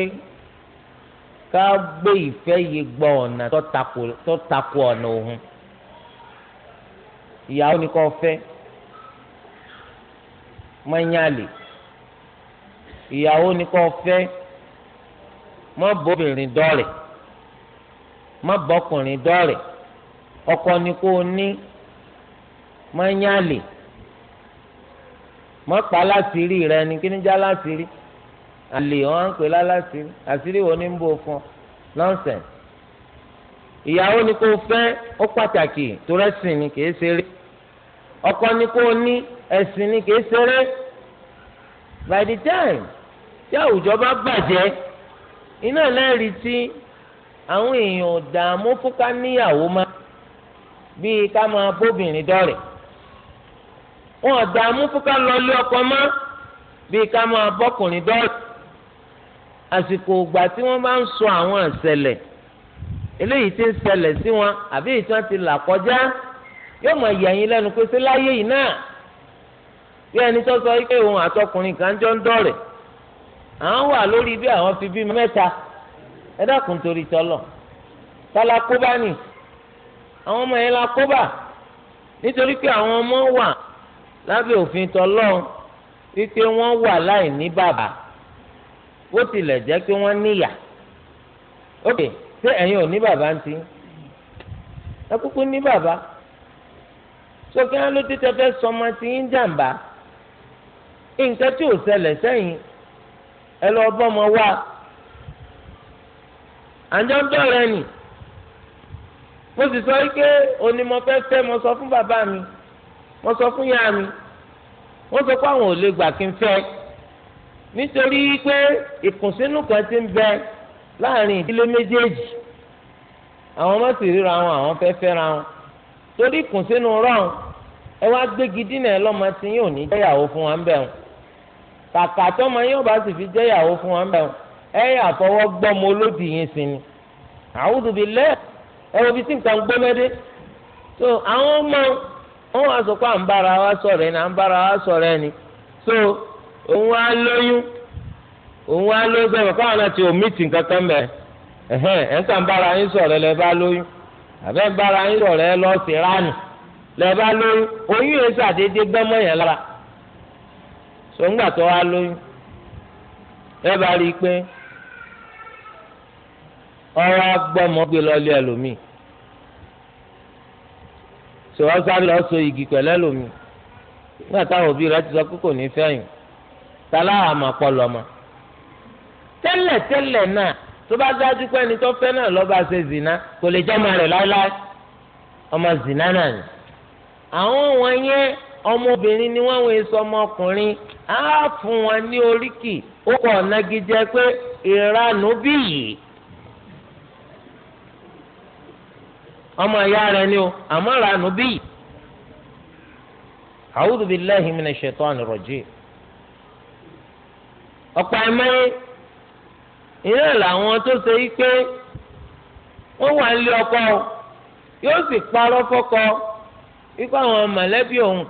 ká gbé ìfẹ́ yìí gbọ́ ọ̀nà tó tako ọ̀nà òun ìyàwó ni kò fẹ́ mọ́nyálè ìyàwó ni kò fẹ́ mọ́ bóbìnrin dọ́rẹ̀ mọ́ bọ́kùnrin dọ́rẹ̀ ọkọ ni kò ní mọ́nyálè mọ́ pa láṣìírí rẹ ni kí ni já láṣìírí àlè wọn ń pè láláṣìírí àṣírí wo ni ń bò fún ọ nọ́ọ̀sẹ̀nsì ìyàwó ni kò fẹ́ ó pàtàkì tó rẹ́sìn ni kì í ṣeré ọkọ ni kò ní ẹ̀sìn ni kìí ṣeré by the time tí àwùjọ bá bàjẹ́ iná lẹ́rìí tí àwọn èèyàn dààmú fúnka níyàwó má bíi ká máa bóbìnrin dọ́rẹ̀ wọn dààmú fúnka lọlé ọkọ má bíi ká máa bọ́kùnrin dọ́rẹ̀ àsìkò ìgbà tí wọ́n bá ń sọ àwọn ìṣẹ̀lẹ̀ eléyìí tí ń ṣẹlẹ̀ sí wọn àbí ìtàn ti là kọjá yóò mọ̀ yẹ̀yìn lẹ́nu pé sí láyé yìí náà bí ẹni tó sọ pé òun àtọkùnrin kan jọ ń dọ̀rẹ̀ àwọn wà lórí bí àwọn fi bí mẹ́ta ẹ torí tọlọ tala kóbá ni àwọn ọmọ yẹn la kóbá nítorí pé àwọn ọmọ wà lábẹ́ òfin tọlọ wípé wọ́n wà láì ní bàbá bó tilẹ̀ jẹ́ pé wọ́n níyà ok ṣé ẹ̀yin ò ní bàbá ń ti ẹ kúkú ní bàbá sókè á ló ti tẹ́ sọmọ tí ń jàǹbá. So, nǹkan tí ò ṣẹlẹ̀ sẹ́yìn ẹ lọ bọ́mọ wá àjọ ń bẹ̀rẹ̀ nì mo sì sọ pé òní mo fẹ́ fẹ́ mo sọ fún bàbá mi mo sọ fún ìyá mi wọ́n sọ pé àwọn ò lè gbà kí n fẹ́ nítorí pé ìkùnsínú kan ti ń bẹ láàrin ìdílé méjèèjì àwọn ọmọ sì ríra wọn àwọn fẹ́ fẹ́ra wọn torí ìkùnsínú rọrùn ẹ wá gbégi dínà ẹ lọ́mọ tí yóò ní jẹ́yàwó fún wa ń bẹ̀ kàkà tọ́mọ yóò ọba sì fi jẹ́ ìyàwó fún wọn bẹ́ẹ̀ ẹ yà gbọ́mọ olódì yín sí ni àwùjọ bíi lẹ́ẹ̀ so àwọn ọmọ wọn wá sọ pé à ń bára wa sọ̀rọ̀ ẹni à ń bára wa sọ̀rọ̀ ẹni so òun ti mẹ́ ẹ̀hẹ́n ẹ̀ ń bára yín sọ̀rọ̀ lẹ́ bá lóyún àbẹ́ bára yín sọ̀rọ̀ ẹ lẹ́ bá lóyún oyún yẹn sàdédé so tó wá lóyún ẹ bá rí i pé ọ̀rọ̀ agbọ́mọ gbé so ẹlòmíì lọ so igi pẹ̀lú ẹlòmíì nígbà táwọn òbí rẹ ti sọ pé kò ní fẹ́yìn tálá àmàpọ̀ lọ́mọ náà tó bá dájú pé ẹni tó náà zina kò lè ọmọ ọmọ zina náà ni àwọn ọmọbìnrin ni wọn sọ á fún wọn ní oríkì ó kọ̀ nagijẹ pé ìranù bí yìí ọmọ ìyá rẹ ni o àmọ́ ìranù bí yìí. A'udhu billahi minash shaitani rajim. ọ̀pọ̀ ẹ̀mẹ́rin ìyá làwọn tó ṣe yí pé ọkọ yóò sì parọ́ fọ́kọ ikú àwọn mọ̀lẹ́bí òun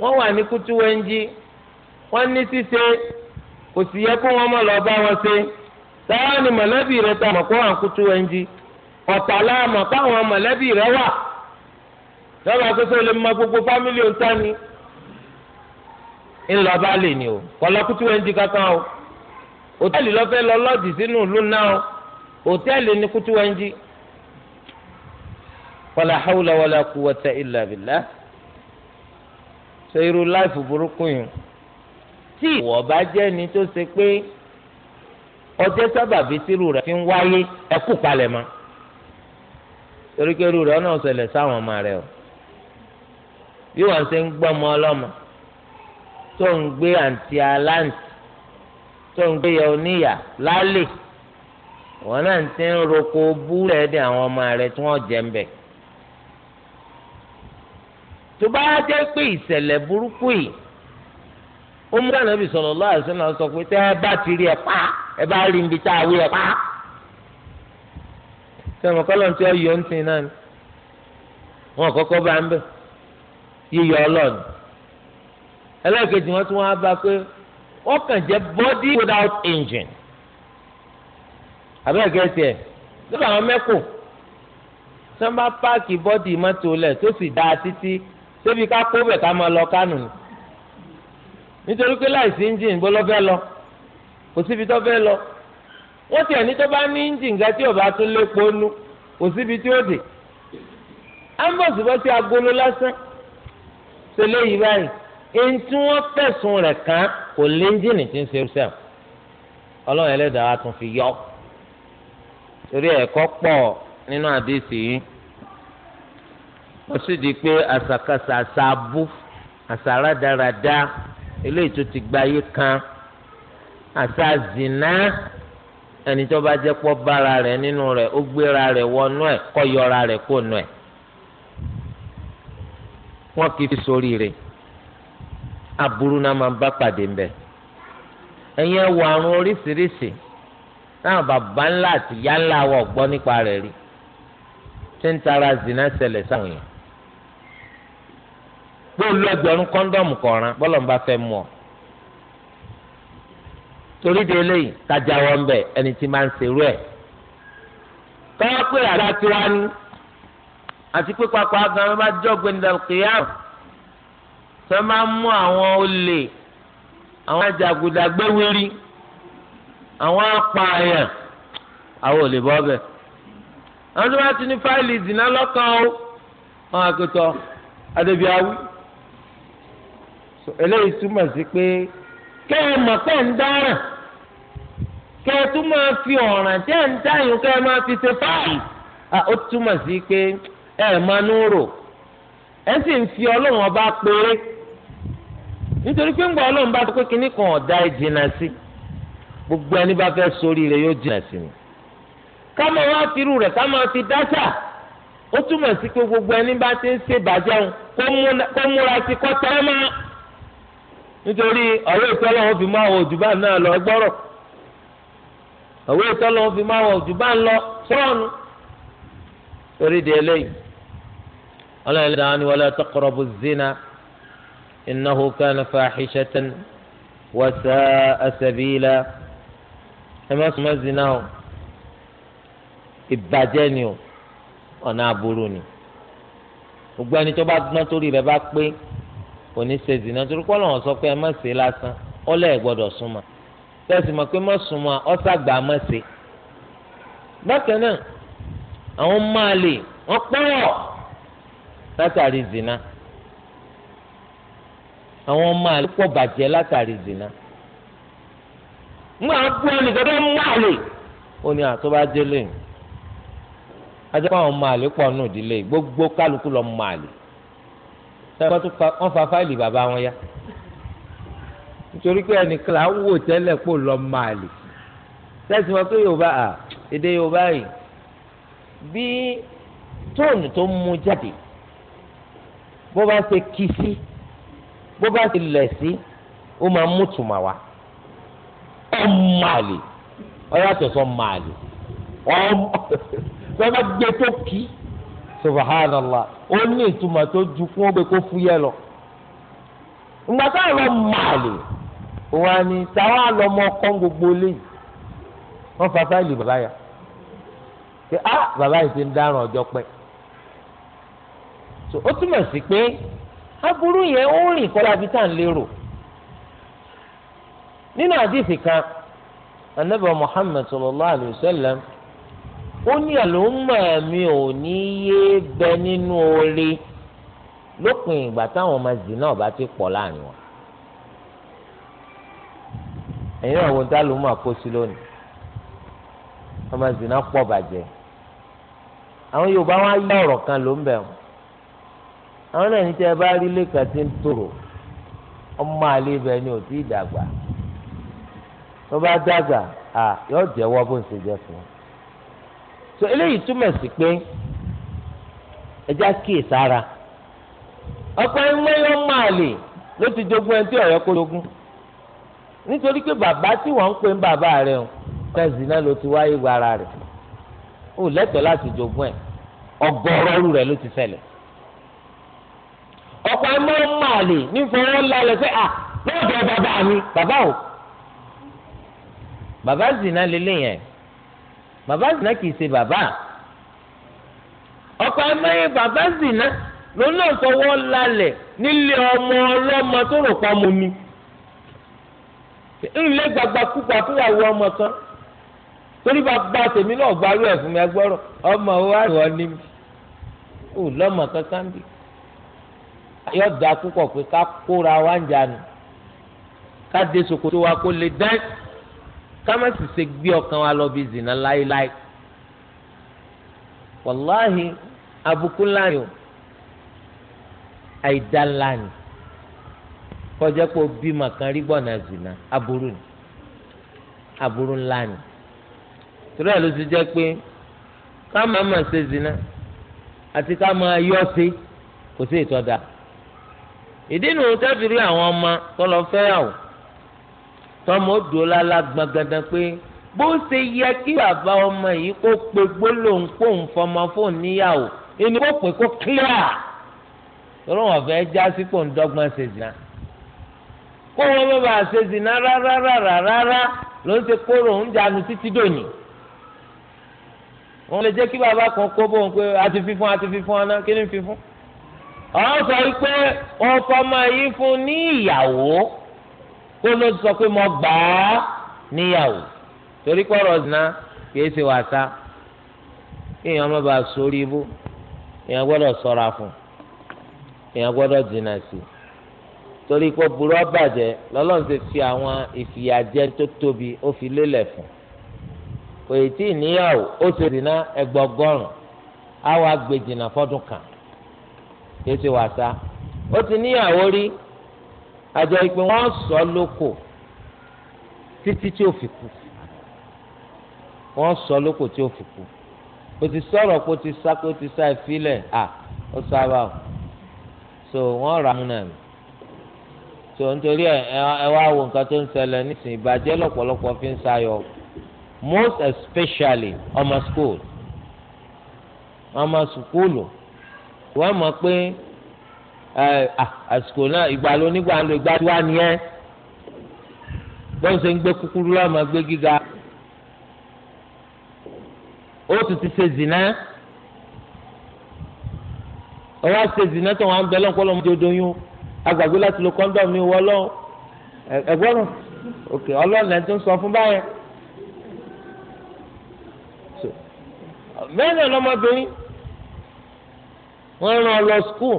wọ́n wà ní wọ́n ní ṣíṣe kò sì yẹ kó wọ́n mọ̀ lọ bá wọn ṣe sáwọn ni mọ̀lẹ́bí rẹ ta mọ̀ kó wà ń kútu ẹ̀ ń jí ọ̀tà láàmọ̀ káwọn mọ̀lẹ́bí rẹ wà lọ́ba pépé lè mọ gbogbo fámìlì ọ̀tá ni ńlọ lè ní o kọlọ kútu kankan o hòtẹ́ẹ̀lì lọ́fẹ́ lọ sínú ìlú náà o hòtẹ́ẹ̀lì ní kútu ẹ̀ ń jí wala hawla wala quwwata ṣe irú láìfù burúkú yìí tí ìwọ bá jẹ́ ni tó ṣe pé ọjọ́ sábàbí tírú rẹ̀ fi ń wáyé ẹkú palẹ̀ mọ́ torí pé irú rẹ̀ náà ṣẹlẹ̀ sáwọn ọmọ rẹ̀ o bí wọ́n ṣe ń gbọ́mọ ọlọ́mọ tó ń gbé àǹtí aláǹtí tó ń gbé yẹ oníyà lálẹ́ wọn náà ti ń roko búrẹ́ dé àwọn ọmọ rẹ̀ tí wọ́n jẹ́ ń bẹ̀. tó bá jẹ́ pé ìṣẹ̀lẹ̀ burúkú yìí ó mú ànábì sallallahu alaihi wasallam sọ pé tẹ́ ẹ bá ti rí ẹ pa ẹ bá rí ibi tá a wí ẹ pa. sẹ́mi kọ́lọ́ tí ó yọ ń tin náà ni wọn kọ́kọ́ bá ń bẹ̀ yíyọ ọlọ́ọ̀ni ẹlẹ́ẹ̀kejì wọn tún wá bá pé wọ́n kàn jẹ́ body without engine àbẹ́ẹ̀kẹ́ tiẹ̀ lọ́dọ̀ àwọn mẹ́kù tí wọ́n bá páàkì bọ́dì mọ́tò lẹ̀ tó sì dáa títí débi ká kó bẹ̀ ká máa lọ kánù ni nítorí pé láìsí engine bó lọ fẹ́ lọ kò síbi tó fẹ́ lọ wọ́n tiẹ̀ ní tó bá ní engine ga tí ò bá tún lépo nu kò síbi tí ó dé ambos bọ́ sí agolo lásán ṣẹlẹ̀ yìí báyìí èyí tí wọ́n fẹ̀sùn rẹ̀ kàn kò lé engine tí ń ṣe sẹ́m ọlọ́run ẹlẹ́dàá tún fi yọ torí ẹ̀kọ́ pọ̀ nínú àdéhìí yìí wọ́n sì di pé àṣàkáṣà àṣà abú eléyìí tó ti gba ayé kan àṣà zina ẹni tó bá jẹ́ pọ́ bára rẹ̀ nínú rẹ̀ ó gbéra rẹ̀ wọnú ẹ̀ kọ́ yọra rẹ̀ kó nu ẹ̀ wọ́n kì í fi sórí rẹ̀ aburú náà máa bá pàdé mbẹ́ ẹ̀yin ẹ̀ wọ àrùn oríṣiríṣi náà bàbá ńlá àti ìyá ńlá wọ̀ gbọ́ nípa rẹ̀ rí tí ń tara zina ṣẹlẹ̀ sáwọn yẹn bó lu ẹgbẹ̀rún kọ́ńdọ̀mù kọ̀ọ̀ràn bọ́lọ̀ ń bá fẹ́ mu ọ. torí de eléyìí kájà wọn bẹ ẹni tí máa ń serú ẹ. káwá pé àlá tiwa ni àti pé papọ̀ agan bá jọ gbẹndàkìyàwó tó máa ń mú àwọn olè àwọn ajàgùdà gbẹwìrì àwọn apààyàn àwọn olè bọ́ bẹ̀. àwọn tó bá ti ní fáìlì ìdìnnà lọ́kàn o wọn àkótọ́ adébíyàwó. eléyìí túmọ̀ sí pé kẹ́ ẹ mọ̀ pé ń dáràn kẹ́ ẹ tún máa fi ọ̀ràn tẹ́ ń dáyìn kẹ́ ẹ máa fi ṣe fáàlì ó túmọ̀ sí pé ẹ máa ń rò ẹ sì fi ọlọ́run ọba péré nítorí pé ń ọlọ́run bá pé kinní kan ọ̀dà ìjìnà gbogbo ẹni bá fẹ́ sórí yóò jìnà sí ni ká fi dáṣà ó túmọ̀ sí pé gbogbo ẹni bá ti ń kó múra sí nítorí ọ̀rọ̀ ìtọ́ lọ́wọ́ fi máa wọ òjùbá náà lọ gbọ́rọ̀ ọ̀rọ̀ ìtọ́ lọ́wọ́ fi máa wọ òjùbá lọ sọ́ọ̀nù torí di eléyìí ọlọ́run lè dáhùn wala taqrabu zina innahu kana fahishatan wa sa'a sabila ẹ má sùnmọ́ zina o ìbàjẹ́ ni o ọ̀nà àbúrò ni gbogbo ẹni tó bá gbọ́n torí rẹ̀ bá pé oníṣe zina torí kọ́ lọ́wọ́ sọ pé ẹ má ṣe lásán ọlẹ́ ẹ̀ gbọ́dọ̀ súnmọ́ tẹ̀sí mọ̀ pé má súnmọ́ ọ́sàgbà má ṣe. bákan náà àwọn máa lè wọ́n pọ̀ látàrí zina àwọn máa lè pọ̀ bàjẹ́ látàrí zina. ńgbà bú ẹnìkan tó máa lè ó ní àtọ́bá délé ajá fún àwọn máa lè pọ̀ nù ìdílé gbogbo kálukú lọ máa lè sẹ́wọ́n tún fa wọ́n fa fáìlì bàbá wọn ya nítorí pé ẹnìkan là ń wò tẹ́lẹ̀ pò lọ máa lè sẹ́sì wọn pé yorùbá à èdè yorùbá yìí bí tóònù tó mú jáde bó bá ṣe kí sí bó bá ṣe lẹ̀ sí ó máa mú tùmọ̀ wá ọ máa lè ọ yàtọ̀ máa lè ọ bá gbé tó kí subhanallah ó ní ìtumọ̀ tó ju fún ogbe kó fúyẹ́ lọ. ìgbà táwọn lọ màlè wọn ni táwọn àlọmọ ọkọ gbogbo léyìí wọn fa fáìlì bàbá yà pé á bàbá yìí ti ń dáràn ọjọ́ pẹ́. ó túmọ̀ sí pé aburú yẹn ó rìn kọ́lá bí tá à ń lérò nínú àdìsí kan anabi muhammed sallallahu alayhi ó ní àlòmọ mi ò ní yé bẹ nínú oore lópin ìgbà táwọn ọmọ zì náà bá ti pọ̀ láàrin wọn. ẹ̀yin náà wo ń tálùmọ̀ kó sí lónìí ọmọ zì náà pọ̀ bàjẹ́ àwọn Yorùbá wọn á yí ọ̀rọ̀ kan ló ń bẹ̀ wọn àwọn náà ní tí ẹ bá rí lẹ́ka tí ń tòrò ọmọ àlẹ́ ibẹ̀ ni ò tí ì dàgbà tó bá dàgbà yóò jẹ́wọ́ bó ń ṣe jẹ́ fún un so eléyìí túmọ̀ sí pé ẹja kíyè sára ọ̀pọ̀ ẹ̀mọ́yọ́ máa lè ló ti jogún ẹni tí ọ̀rẹ́ kó jogún nítorí pé bàbá tí wọ́n ń pè ń bàbá rẹ̀ o kẹ́sì náà ló ti wáyé gba ara ó lẹ́tọ̀ọ́ láti jogún ẹ̀ ọgọ́rọ́rù rẹ̀ ló ti ṣẹlẹ̀ ọ̀pọ̀ ẹ̀mọ́yọ́ máa nífọwọ́ lálẹ́ sẹ́ à lọ́dọ̀ bàbá mi bàbá o bàbá zina lélẹ́yìn ẹ̀ bàbá zina kì í ṣe bàbá ọkọ amáyé bàbá zina lónà ìfọwọ́ lálẹ̀ nílé ọmọ ọlọ́mọ tó rò pa mu ni ńlẹ́ gbagba kúpa fúyàwó ọmọ kan torí bàbá tèmi náà gbarú ẹ̀ fún mi ẹgbọ́rọ̀ ọmọ wa ni wọ́n ní mi ò lọ́mọ kankan bí yọ da púpọ̀ pé ká kóra wá ń jà nù ká dé ṣòkòtò wa kó lè dán. kama sì ṣe gbé ọkàn wa lọ bi zina láéláé wàláhì abùkù ńlá ni o àìdá ńlá kọjá pé o bí màkàn rí gbọ̀nà zina aburú ni aburú ńlá ni torí ẹ̀ ló ti jẹ́ pé ká máa máa ṣe zina àti ká máa yọ́ sí kò sí ìtọ́da ìdí nu tẹ́fìrí àwọn ọmọ tó lọ fẹ́ yàwó. tọmọ ó dúró lálá gbọ̀ngàndàn pé bó ṣe yẹ kí bàbá ọmọ yìí kó pe gbólóhùn fóun fọmọ fóun níyàwó ẹni kó pè kó clear lọ́rọ́ wọn fẹ́ já sípò ń dọ́gbọ́n ṣe zina kó wọn bá bàa ṣe zina rárá rárá rárá ló ń ṣe kóró ń jánu títí dòní wọn lè jẹ́ kí bàbá kan kó bóun pé a ti fi fún a ti fi fún aná kí ni fi fún. ọ̀hún sọ wípé ọkọ̀ ọmọ yìí fún ní ìyàwó kó ló sọ pé mo gbà á níyàwó torí pọ̀rọ̀ zina kìí ṣe wàsá èèyàn má bàa sórí ibú èèyàn gbọ́dọ̀ sọ̀ra fún èèyàn gbọ́dọ̀ jìnnà sí torí pé burú ọbàjẹ́ lọ́lọ́run ti fi àwọn ìfìyàjẹ tó tóbi ó fi lélẹ̀ fún kò ì tí ì níyàwó ó ṣe zina ẹgbọgọrùn á wàá gbé fọ́dún kan kìí ṣe wàsá ó ti níyàwó rí àjọ ìpè wọn sọ lóko títí tí ó fi kú wọn sọ lóko tí ó fi kú o ti sọ̀rọ̀ kó ti sá kó ti sá ìfilẹ̀ à ó sábà o so wọn rà mú náà so nítorí ẹ wá wo nǹkan tó ń ṣẹlẹ̀ nísìnyí ìbàjẹ́ lọ́pọ̀lọpọ̀ fi ń sayọ most especially ọmọ school ọmọ sùkúlù wọ́n mọ̀ pé àsìkò náà ìgbà ló nígbà ló ìgbà tó wà nìyẹn bọ́n ṣe ń gbé kúkúrú lọ́mọ gbé gíga ó tún ti ṣe zìnà ọwọ́ ṣe zìnà tó wọn bẹ lọ́nkọ́ lọ́mọdé odòyún agbàgbé láti lo kọ́ńdọ̀mù mi wọ́ lọ́wọ́ ẹ̀gbọ́n òkè ọlọ́run ẹ̀ tó ń sọ fún báyẹn. mẹ́rin ọlọ́mọbìnrin wọ́n rán ọ lọ skul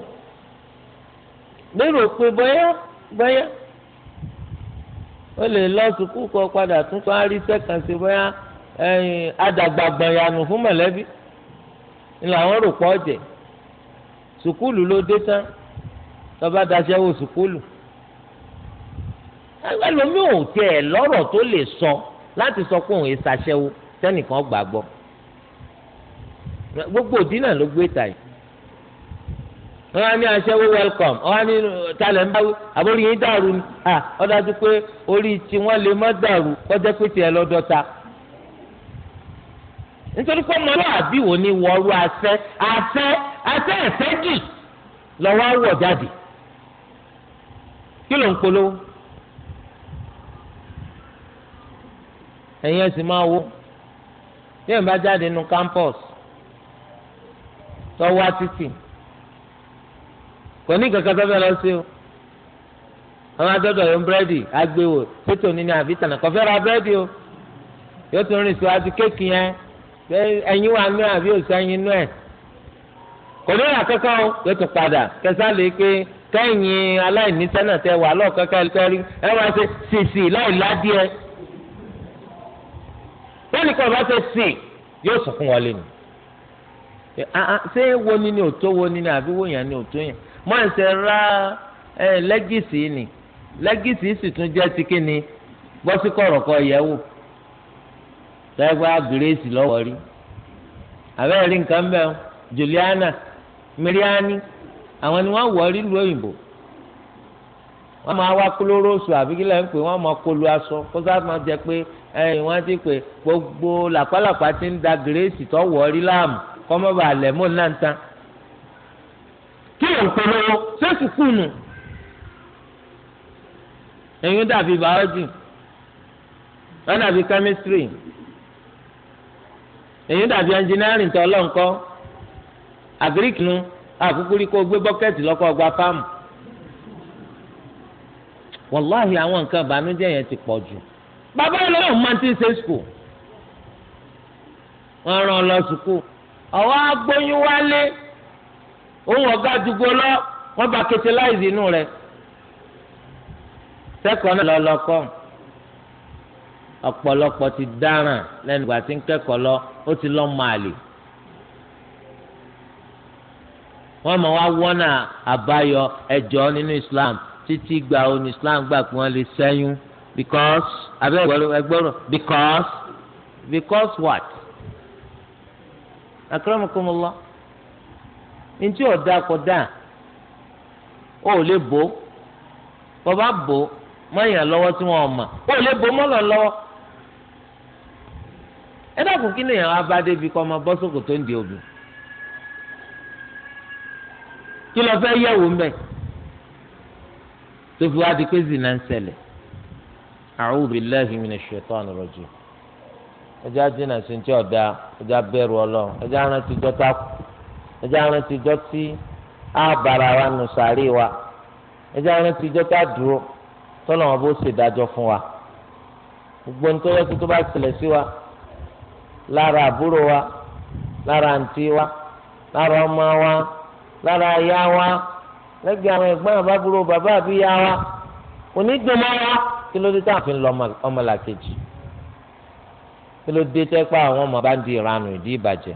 lérò pé bóyá bóyá ó lè lọ sùkú kọ padà tún kọ́ àárí sẹ́kàn sí bóyá adàgbàgbàyànù fún mọ̀lẹ́bí ni làwọn rò pọ̀ jẹ́ sùkúlù ló dé tán tọ́ba daṣẹ́ wo sùkúlù ẹlòmíì ò tiẹ̀ lọ́rọ̀ tó lè sọ láti sọ pé òun èsàṣẹ́wó tẹ́nìkan gbàgbọ́ gbogbo òdínà ló gbé ta yìí wọ́n á ní aṣẹ́wó welcome wọ́n á ní talẹ̀ ń báwí àbórí yín dàrú ni ọ dájú pé orí tí wọ́n lè má dàrú kọjá pé tiẹ̀ lọ́dọ́ta. nítorí pé ọmọ náà àbí wò ni wọ́ọ́rú asẹ́ asẹ́ asẹ́ ẹ̀fẹ́ kì lọ́wọ́ wọ̀ jáde kí ló ń polówó. ẹ̀yin ẹ̀sìn máa wo bí ẹ̀ bá jáde nínú campus tọ́wọ́ títì. So kò ní kankan tó fẹ́ lọ sí o àwọn adọ́dọ̀ yóò búrẹ́dì agbéwò pétò ní ní àbítànà kò fẹ́ ra búrẹ́dì o yóò tún rìn síwájú kéèkì yẹn ẹyin wà nú àbí òsì ẹyin nú ẹ kò ní ìyá kankan o yóò tún padà kẹsà lè pé kẹ́yìn aláìní sẹ́nà tẹ wà lọ́ọ̀kan kẹ́rí ẹ wá ṣe sèṣì láì ládìẹ bẹ́ẹ̀ni kò bá ṣe sè yóò sọ fún wọn lẹ́nu ah, ah, ṣé wo ni ni òtó wo ni ni àbí wo yẹn ni òtó yẹn mọ́ ẹ̀sẹ̀ ra lẹ́gìsì ni lẹ́gìsì sì tún jẹ́ ti ni bọ́sí kọ̀rọ̀kọ̀ yẹ̀wò tẹ́gbà gírèsì lọ́wọ́ rí àbẹ́rẹ́ rí nǹkan bẹ́ẹ̀ Juliana Miriani àwọn ni wọ́n wọ̀ rí lu òyìnbó wọ́n máa wá kúlórósù àbí kí lẹ́yìn pé wọ́n máa kólu aṣọ kó sáà máa jẹ pé ẹ̀yìn wọ́n ti pé gbogbo làpálàpá ti ń da gírèsì tó wọ̀ rí láàmú kọ́mọ́bà lẹ́mọ̀ náà ń tán ìpolówó ṣé sùkúù nù ẹ̀yin dàbí bàọ́jì wọ́n dàbí kẹ́mísírì ẹ̀yin dàbí ẹnjìnírìn tó ọlọ́nkọ́ àgíríkì nu àkúkúrí kó gbé bọ́kẹ́tì lọ́kọ́ gba fáàmù wàláhì àwọn nǹkan ìbànújẹ́ yẹn ti pọ̀ jù bàbá ọlọ́run máa ti ṣe sùkúù wọ́n rán ọ lọ sùkúù ọ̀wọ́ agbóyún wálé. òun ọ̀gá àdúgbò lọ wọ́n bá kẹtẹláìsì inú rẹ̀ kẹ́kọ̀ọ́ náà lọ́lọ́kọ́ ọ̀pọ̀lọpọ̀ ti dáràn lẹ́nu ìgbà tí ń kẹ́kọ̀ọ́ lọ ó ti lọ́ màlì wọ́n mọ̀ wá wọ́nà àbáyọ ẹ̀jọ́ nínú Islam títí gba òun Islam gbà pé wọ́n lè sẹ́yún because abẹ́ ẹgbọ́rọ̀ because because what? akramakumullah ntí ọ̀dà kọ̀dà ó lè bò bọ́bá bò mọ́yàn lọ́wọ́ tí wọ́n mọ̀ ó lè bò mọ́lọ̀ lọ́wọ́ ẹ dákun kí lèèyàn wá bá débi kọ́ ọmọ bọ́sọ̀kò tó ń di obì kí lọ fẹ́ yẹ̀wò mbẹ́ tó fi wá di pé zina ń ṣẹlẹ̀ a'udhu billahi minash shaitani rajim ẹjẹ́ àjìnà sí ti ọ̀dà ẹjẹ́ abẹ́rù ọlọ́run ẹjẹ́ arántí jọ́tà kù ẹjẹ́ àwọn ti jọ tí á bára wa nù sàárè wa ẹjẹ́ àwọn ti jọ tá dúró tọ́lọ̀ wọn bó ṣe dájọ́ fún wa gbogbo ní tọ́jọ́ tó bá ṣẹlẹ̀ sí wa lára àbúrò wa lára àǹtí wa lára ọmọ wa lára aya wa lẹ́gbẹ̀ẹ́ àwọn ẹ̀gbọ́n àbábúrò bàbá àbíyá wa onídùnmọ́ wa kí ló dé tá a fi ń lọ ọmọlàkejì kí ló dé tẹ́ pa àwọn ọmọ bá ń di ìranù ìdí ìbàjẹ́.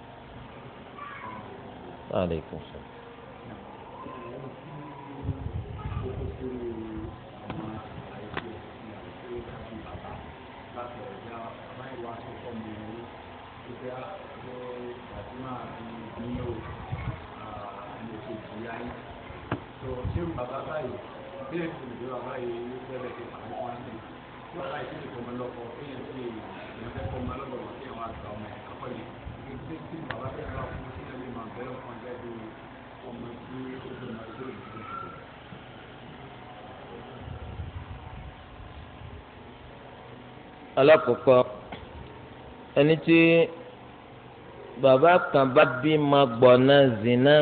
Aleykum salaam. bàbá báyìí ọmọ tí ó fẹ́ máa gbé ìlú. alákọ̀ọ́kọ́ ẹni tí bàbá kan bá bí máa gbọ̀nà zina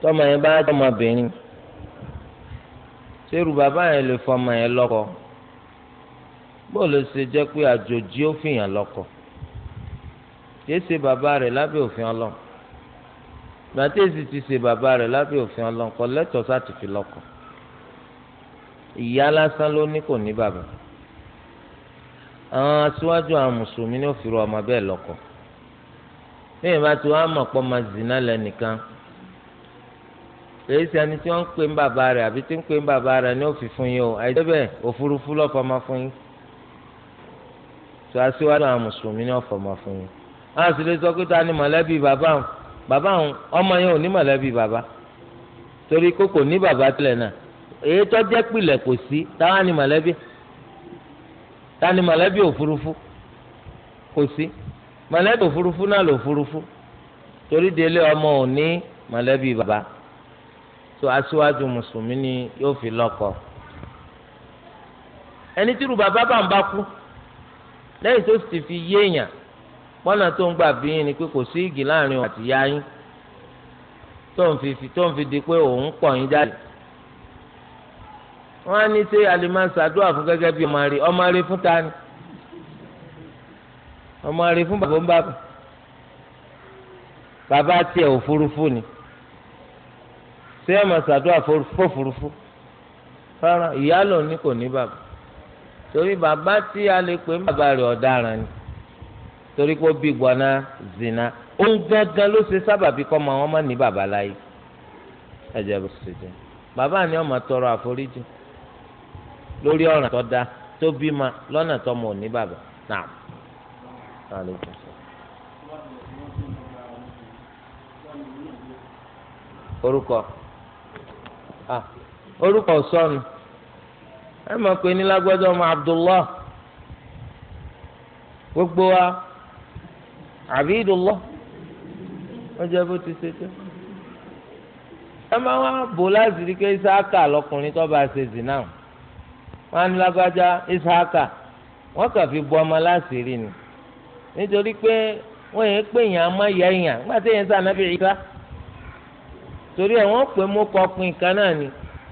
tọ́mọ yẹn bá jọmọbìnrin sẹ́rù bàbá yẹn lè fọmọ yẹn lọ́kọ bóòlù ṣe jẹ́ pé àjòjì ó fìyàn lọ́kọ yéé ṣe bàbá rẹ̀ lábẹ́ òfin ọlọ́run gbàtẹ́sì ti ṣe bàbá rẹ̀ lábẹ́ òfin ọlọ́nkọ lẹ́tọ̀ọ́ sáti fi lọ́kọ ìyá lásán ló ní kò ní bàbá àwọn aṣíwájú àwọn mùsùlùmí ní òfin ọmọ bẹ́ẹ̀ lọ́kọ bẹ́ẹ̀ bá ti wá mọ̀ pọ́ máa zina lẹ́nìkan èyí sì ẹni tí wọ́n ń pè ń bàbá rẹ̀ àbí tí ń pè ń bàbá rẹ̀ ní òfin fún yín o àìjẹ́ bẹ́ẹ̀ òfurufú lọ́fọ̀ máa fún yín tó aṣíwájú àwọn mùsùlùmí ní ọ̀fọ̀ máa fún yín àwọn lè sọ pé ta ni mọ̀lẹ́bí bàbá àwọn. Baba, àwọn ọmọ yẹn ò ní mọ̀lẹ́bí bàbá torí kó kò ní bàbá tilẹ̀ náà èyí tó jẹ́ pilẹ̀ kò sí táwa ni mọ̀lẹ́bí ta ni mọ̀lẹ́bí òfurufú kò sí mọ̀lẹ́bí òfurufú náà lò òfurufú torí délé ọmọ ò ní mọ̀lẹ́bí baba. tó aṣíwájú mùsùlùmí ni yóò fi lọ́kọ ẹni tí irú bàbá bá ń bá kú lẹ́yìn tó sì ti fi yéèyàn pọ́nà tó ń gbà bí yín ni pé kò sí igi láàrin òun àti ìyá yín tó ń fi tó ń fi di pé òun pọ̀ yín jáde. wọ́n á ní ṣé alimasa fún gẹ́gẹ́ bí ọmọ rẹ̀ ọmọ rẹ̀ fún ta ni ọmọ rẹ̀ fún bàbá ń bàbá bàbá tiẹ̀ òfurufú ni ṣé ọmọ ṣàdúrà fòfurufú rárá ìyá lòun ní kò ní bàbá torí bàbá tí a lè pè bàbá rẹ̀ ọ̀daràn ni torí pé bí gbọ́ná zina òun gángan ló ṣe sábàbí kọ́ ma wọ́n má ní bàbá láyé ẹ̀jẹ̀ bó ṣe jẹ́ bàbá ni ọmọ tọrọ àforíjì lórí ọ̀ràn tó da tó bí ma lọ́nà tó mọ̀ ní bàbá náà. orúkọ ah, orúkọ sọnù ẹ mọ̀ pé ní lágbọ́dọ̀ ọmọ Abdullah gbogbo wa. Abidullah wọ́n jẹ́ bó ti ṣe jẹ́ ẹ máa wá bò láti rí pé Isaka lọkùnrin tó bá ṣe zì náà wọ́n á ní lágbájá Isaka wọ́n kàn fi bu ọmọ láṣìírí ni nítorí pé wọ́n yẹn pé èèyàn á má yẹ èèyàn nígbà tí èèyàn sá nàbí ìka torí ẹ̀ wọ́n pè mú kọkùnrin kan náà ni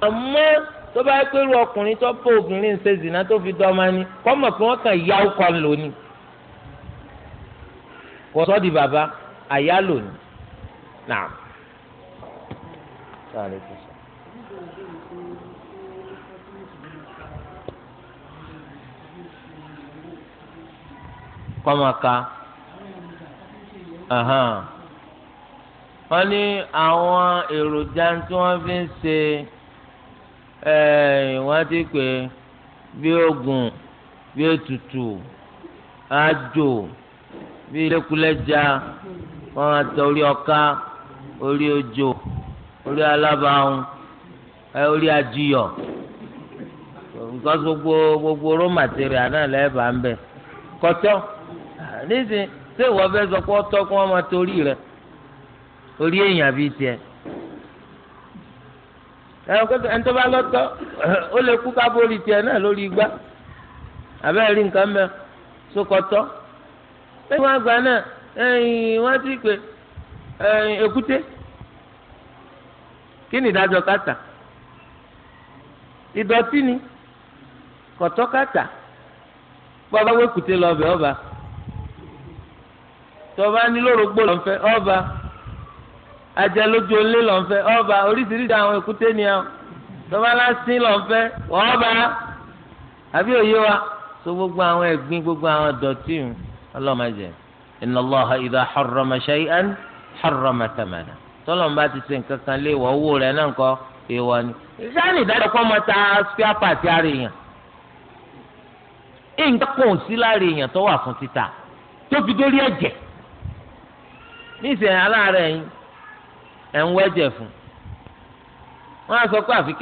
àmọ́ tó bá yẹ pé irú ọkùnrin tó bá obìnrin ṣe zì náà tó fi dọ́ ọmọ ni kọ́mọ̀ pé wọ́n kàn yá ọkọ̀ lónìí wọ́n sọ́ di bàbá àyálò ni naam. kọ́mọ̀ká wọ́n ní àwọn èròjà tí wọ́n fi ń ṣe wọ́n ti pè bí oògùn bí ètùtù àjò bí lẹ́kulẹ́jà wọ́n máa tẹ orí ọká orí ojò orí alábàáhùn orí ajiyọ̀ nǹkan gbogbo gbogbo raw material náà lẹ́ẹ̀bà ń bẹ̀ kọ́tọ́ nísìnyí ṣé ìwọ fẹ́ sọ pé ọtọ́ kí wọ́n máa torí rẹ̀ orí èèyàn bíi tiẹ̀ ẹni tó bá lọ́tọ́ ó lè kú kábórì tiẹ̀ náà lórí igbá àbẹ́rẹ́ rí nǹkan mẹ́ sókọ́tọ́. So lẹ́yìn wọn gba náà ẹ̀yìn wọ́n ti pè ẹ̀yìn èkúté kí ni ìdájọ́ kàtà ìdọ̀tí ni kọ̀tọ́ kàtà lọ ọba tọba ní lórógbó lọ́nfẹ́ ọba lójú olé lọ́nfẹ́ ọba oríṣiríṣi àwọn èkúté ni àwọn tọba lásìn ọba àbí òye so gbogbo àwọn gbogbo àwọn ọlọ́mọdé inna Allaha idha harrama shay'an an thamana tọ́lọ́mù bá ti ṣe nǹkan kan lé ìwọ owó rẹ̀ náà kọ́ ìwọ ni. ìsáni ìdádọ́kọ́ ọmọ ta spare part ara èèyàn nǹkan kò sí lára èèyàn tó wà fún títà tó fi dórí ẹ̀jẹ̀ nísìnyí wọ́n á sọ pé àfi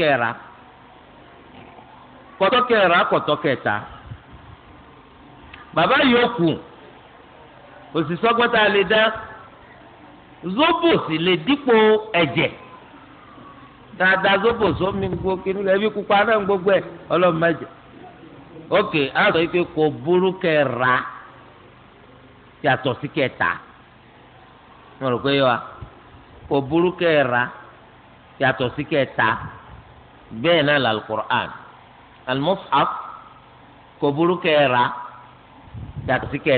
òsìsọ́gbọ́n tá a lè dá zobo sì lè dípò ẹ̀jẹ̀ dáadáa zobo sómi gbogbo kínní ẹbí pupa náà ń gbogbo ẹ ọlọ́run má jẹ ok àtọ̀ yìí pé kò burú kẹ ra yàtọ̀ sí kẹ ta mo rò pé yọ wa kò burú kẹ ra yàtọ̀ sí kẹ bẹ́ẹ̀ náà làlùkùrán al-mushaf kò burú kẹ yàtọ̀ sí kẹ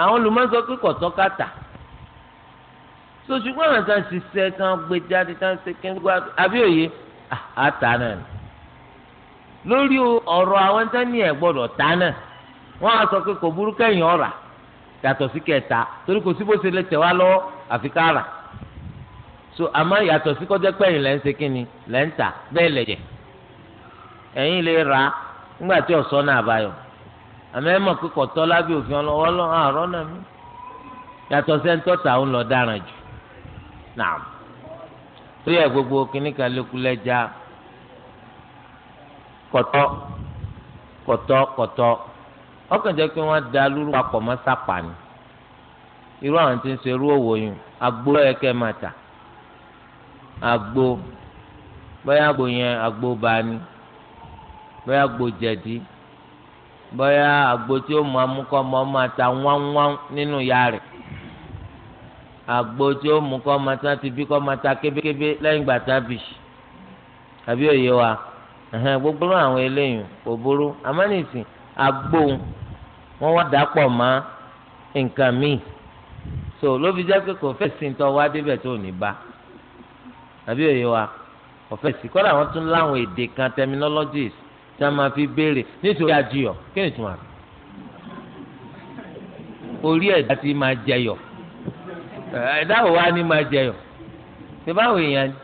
àwọn olùmọ̀sọ kíkọ̀ tọ́kàtà so àwọn kan ṣiṣẹ́ kan gbé jáde kan ṣe kí n gbá àbí lori àtà náà lórí ọ̀rọ̀ àwọn tán ní ẹ̀ gbọ́dọ̀ tà náà wọ́n á sọ pé kò burú kẹ́yìn ọ̀rà yàtọ̀ sí kẹta torí kò sí so àmọ́ yàtọ̀ sí kọ́jọ́ pẹ́yìn lẹ́ ń ṣe kí ni lẹ́ ń tà bẹ́ẹ̀ lẹ̀ lè tí amị ẹ mọ̀ pé kọ̀tọ́ lábẹ́ òfin ọlọ́wọ́ lọ́wọ́ àárọ̀ náà mi yàtọ̀ sẹ́ńtọ́ ụlọ lọ dáràn jù náà torí ẹ̀ gbogbo kìnnìkan lẹ́kulẹ́já kọ̀tọ́ kọ̀tọ́ kọ̀tọ́ ọkàn jẹ́ pé wọ́n da lúrú papọ̀ mọ́ sápà ni irú àwọn tí ń ṣe irú òwò yìí agbo kẹ́ máa tà bóyá àgbo tí ó mú amúkọ́ ọmọ ọmọ ata wánwán nínú ìyá rẹ̀ àgbo tí ó mú kọ́ ọmọ ata ti bí kọ́ ọmọ ata kébékébé lẹ́yìn ìgbà tá a bì àbí òye wa gbogbo àwọn eléyìí kò burú àmọ́ àgbo wọn wá dàpọ̀ mọ́ nǹkan míì so ló fi jẹ́ pé kò fẹ́ sí ní tọ́ wá débẹ̀ tó ní bá àbí òye wa kò fẹ́ sí kọ́ làwọn tún láwọn èdè kan terminologies tí wọ́n máa fi béèrè nítorí àjìyọ̀ kí ni tún wà. orí ẹ̀dá ti máa jẹyọ̀ ẹ̀dá ò wá ní máa jẹyọ̀ ṣé báwo èèyàn ni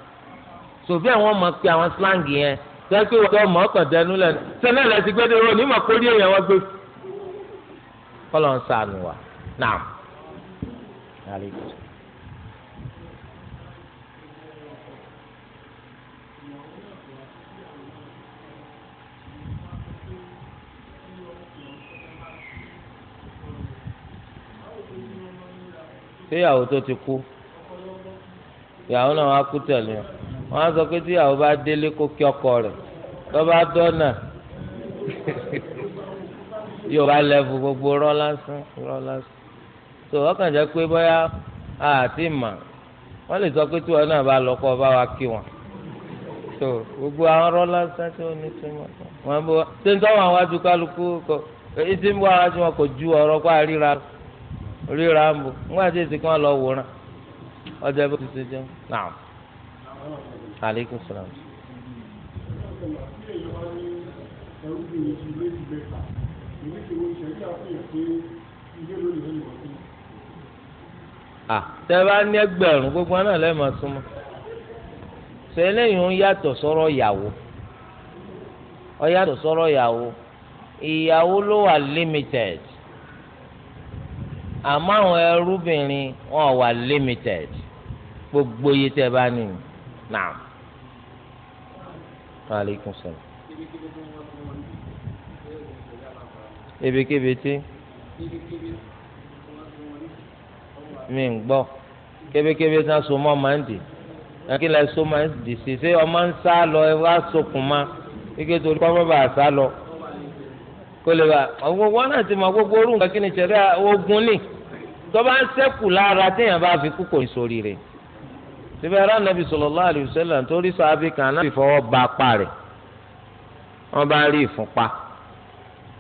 sòfíà wọn máa pe àwọn slang yẹn tẹ́ pé wọ́n mọ̀ ọ́kàn dẹnu lẹ́nu sẹ́nà lẹ́sìn gbé dérò onímọ̀ kórí èèyàn wọn gbé kọ́lọ́ ń sànù wa náà. síyàwó tó ti kú ìyàwó náà wá kú tẹ̀lé wọn á sọ pé tíyàwó bá délé kó kí ọkọ rẹ̀ tó bá dọ́nà yóò bá lẹ́fù gbogbo rọ́ lásán rọ́ lásán tó ọkàn jẹ́ pé bóyá àti mà wọ́n lè sọ pé tíwọ́ náà bá lọ kọ́ bá wa kí wọn tó gbogbo àwọn rọ́ lásán tí ó ní túmọ̀ wọn bó ṣé ń tọ́wọ́ àwọn adúkálukú èyí tí ń bọ́ àwọn adúmọ̀ kò ju ọ̀rọ̀ kó àríra lọ. ríra ń bò ńgbà tí èsì kan lọ wòran ọjọ́ bó ti jẹun náà aleykum salaam. tẹ́lá ní ẹgbẹ̀rún gbogbo náà lẹ́ẹ̀ máa súnmọ́ sọ eléyìí ń yàtọ̀ sọ̀rọ̀ ìyàwó ọ yàtọ̀ ìyàwó ló wà limited àmọ́ àwọn ẹrúbìnrin wọn wà limited gbogbo iye tẹ́ bá ní naam aleykum salaam ebekebe tí mi ń gbọ́ kébékébé tí wọn so mọ́ máa ń dì kí lẹ so máa ń dì sí ṣé ọmọ ń sá lọ ẹ wá sokùn ma ike torí kọ́ bá bàa sá lọ kó lè bá àwọn wọn náà ti mọ gbogbo orú nǹkan kí ni ṣẹlẹ̀ ogun ni tó bá ń ṣẹ́kù lára téèyàn bá fi kú kò ní sórí rẹ̀ síbẹ̀ rán nàbì sallallahu alaihi wasallam torí sàábì kan náà fọwọ́ ba apá rẹ̀ wọ́n bá rí ìfúnpá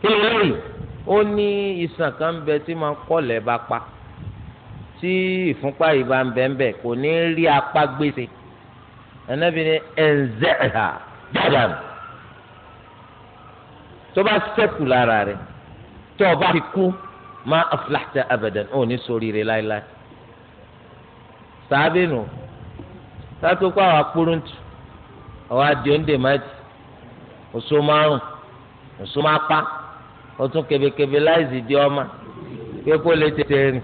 kí ló lóyè ó ní iṣan kan bẹ tí máa kọ́lẹ̀ bá pa tí ìfúnpá yìí bá ń bẹ ń bẹ kò ní rí apá gbèsè ẹnẹ́bí ni ẹ̀ ń zẹ́ ẹ̀ hà dáadáa tó bá sẹ́kù lára rẹ̀ tó o bá fi kú má aflahta abadan ò ní ṣoríire láéláé sàábì nù sátó kó àwọn akpóróntù àwọn adìẹ ń dè májì oṣù márùn oṣù má pa o tún kebekebe láìsí di ọmọ pé kó lè tètè rìn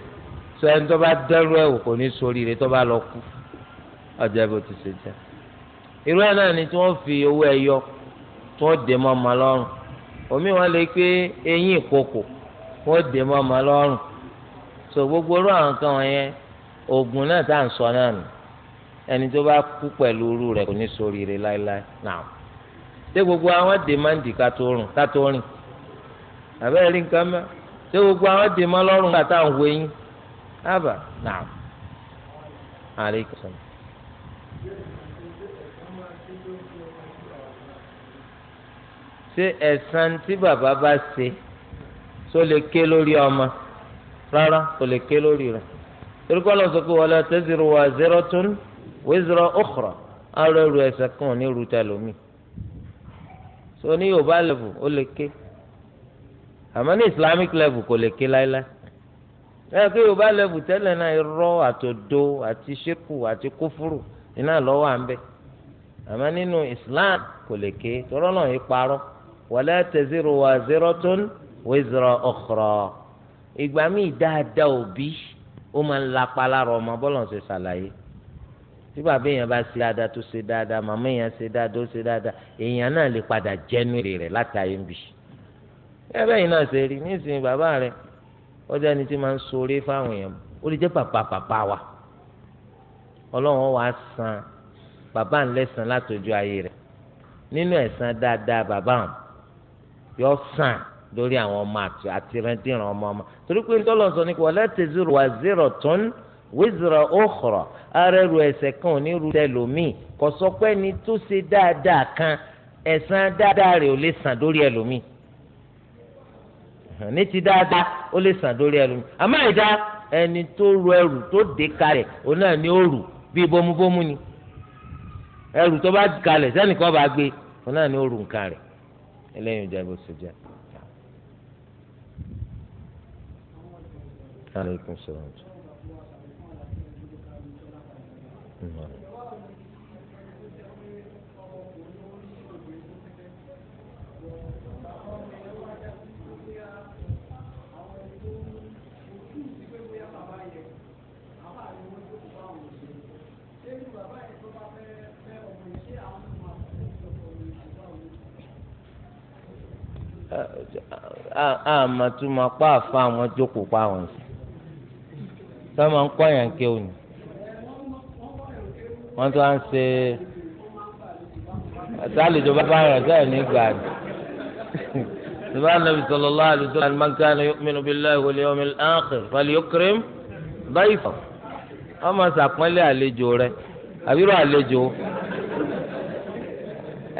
sọ ẹni tó bá dẹrù ẹ̀wò kò ní ṣoríire tó bá lọ kú ọjọ́ ìbò ti ṣe jẹ irú ẹ̀ náà ni tí wọ́n fi owó ẹyọ tí wọ́n dè mọ́ ọmọ lọ́rùn. omi wọn lè pé eyín ìkòkò wọn dè mọ́ ọmọ lọ́rùn so gbogbo orú àwọn nǹkan oògùn náà tá à ń sọ náà nù ẹni tó bá kú pẹ̀lú lai rẹ̀ kò ní ṣoríire láéláé náà ṣé gbogbo àwọn dèmáǹdì ká tó rìn ká tó rìn àbẹ́rẹ́ gbogbo àwọn lọ́rùn wo eyín ábà ṣé ẹ̀san tí bàbá bá ṣe tó lè ké lórí ọmọ rárá kò lè ké lórí rẹ̀ torí kọ́ lọ́sọ̀ pé wala taziru waziratun wizra ukhra arọ ẹrù ẹ̀ṣẹ̀ kan ní ruta lómi so ní yorùbá level ó lè ké àmọ́ ní islamic level kò lè ké láéláé ẹ kí yorùbá level tẹ́lẹ̀ náà irọ́ àtòdó àti ṣírkù àti kúfúrù iná lọ́wọ́ à ń bẹ̀ àmọ́ nínú islam kò lè ké tọ́lọ́ náà yí parọ́ wala taziru waziratun wizra ukhra ìgbà míì dáadáa òbí ó máa ń lapa lára ọmọ bọ́lọ̀ ṣe ṣàlàyé tí bàbá èèyàn bá ṣe dáadáa tó ṣe dáadáa màmá èèyàn ṣe dáadáa ó ṣe dáadáa èèyàn náà lè padà jẹ́nu èrè rẹ̀ láti ayé ń bì ẹbẹ́ yìí náà ṣe rí nísìnyí bàbá rẹ̀ ó jẹ́ ẹni tí máa ń sọrí fáwọn èèyàn ó lè jẹ́ bàbá bàbá wa ọlọ́run wàá san bàbá ń lẹ́san látọjú ayé rẹ̀ nínú ẹ̀san dáadáa bàbá àwọn yọ sàn lórí àwọn ọmọ àti àtìrẹ́dìrán ọmọ ọmọ torí pé ńtọ́lọ̀ sọ ní kò wala taziru waziratun wizra ukhra arẹ́rù ẹ̀ṣẹ̀ kan ò ní ru tẹlómi kò sọ pé ni tó ṣe dáadáa kan ẹ̀san dáadáa rẹ̀ ò lè sàn lórí ẹlòmíì ní ti dáadáa ó lè sàn lórí ẹlòmíì àmọ́ ìdá ẹni tó ru ẹrù tó dé kalẹ̀ òun náà ní òrù bíi bómúbómú ni ẹrù tó bá kalẹ̀ sẹ́nìkan bá gbé òun náà ní òrù nǹkan rẹ̀ eléyìí jẹ́ bó ṣe jẹ́. aleykum salaam. àmàtúmọ̀ pa àfa àwọn jókòó pa àwọn sí sọ́mọ ń kọ́ yàn kéwòn ni wọ́n tún á ń ṣe àtàlejò bàbá rẹ̀ sẹ́yìn nígbà ni. سبحان النبي صلى الله عليه وسلم من كان يؤمن بالله واليوم الآخر فليكرم ضيفه ọmọ sàpọ́nlé àlejò rẹ̀ àbírò àlejò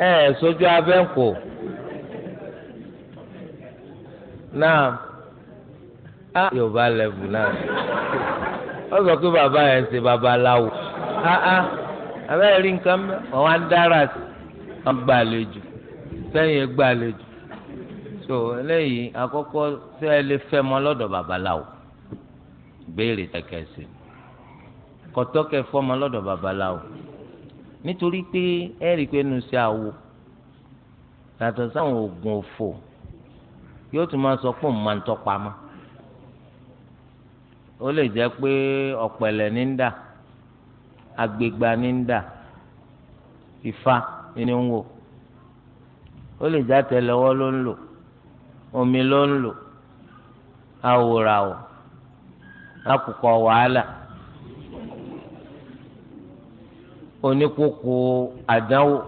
ẹ̀ sójú abẹ́ǹkò náà á ah. yorùbá lẹ́bù náà ó sọ pé bàbá yẹn ń ṣe babaláwo áá ah, ah. abẹ́rẹ́ rí nǹkan mẹ́ wọ́n á dára sí wọ́n gbàlejò sẹ́yìn gbàlejò so eléyìí àkọ́kọ́ ṣé ẹ lè fẹ́ mọ́ lọ́dọ̀ babaláwo béèrè tẹ̀kẹ̀sì kọ́tọ́kẹ́ fọ́ mọ́ lọ́dọ̀ babaláwo nítorí pé ẹ rí i pé nu ṣe àwo yàtọ̀ sáwọn oògùn òfò yóò tún máa sọ pé òun máa ń tọpa mọ́ ó lè jẹ́ pé ọ̀pẹ̀lẹ̀ ní ń dà agbègbà ní ń dà ifá ní ń wò ó lè já tẹlẹwọ́ ló ń lò omi ló ń lò awòràwọ̀ akùkọ wàhálà oníkókó àdánwò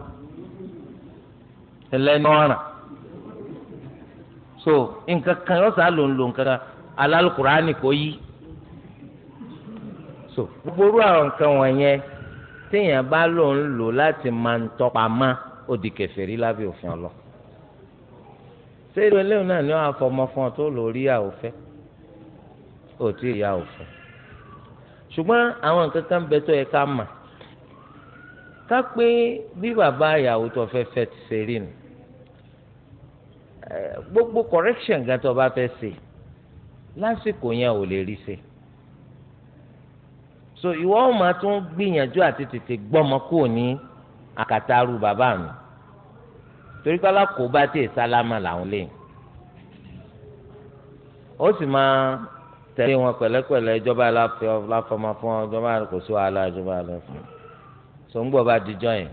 ẹlẹ́ni ọ̀ràn so nǹkan kan yọ sáà ló ń lo nǹkan kan alálùkùránì kò yí so gbogbo orú àwọn nǹkan wọ̀nyẹn téèyàn bá lò ń lò láti máa ń tọpa má ó di kèfèrí lábẹ́ òfin ọlọ ṣé irú eléyìí náà ni wọn afọmọ fún ọ tó lò rí ìyàwó fẹ́ ò tí ìyàwó fẹ́ ṣùgbọ́n àwọn nǹkan kan bẹ tó yẹ ká mà ká pé bí bàbá ìyàwó tó fẹ́ fẹ́ ti ṣe rí nù gbogbo correction gan tó o bá fẹ́ ṣe lásìkò yẹn ò lè rí ṣe so ìwọ ò máa tún gbìyànjú àti tètè gbọ́mọ kúrò ní àkàtàrú bàbá mi torí pé alákòóbá tí èè sálámà làwọn lè ó sì máa tẹ̀lé wọn pẹ̀lẹ́pẹ̀lẹ́ ìjọba láfọmọ fún ọ ìjọba kò sí wàhálà ìjọba láfọmọ so ń gbọ́ bá dijọ́ yẹn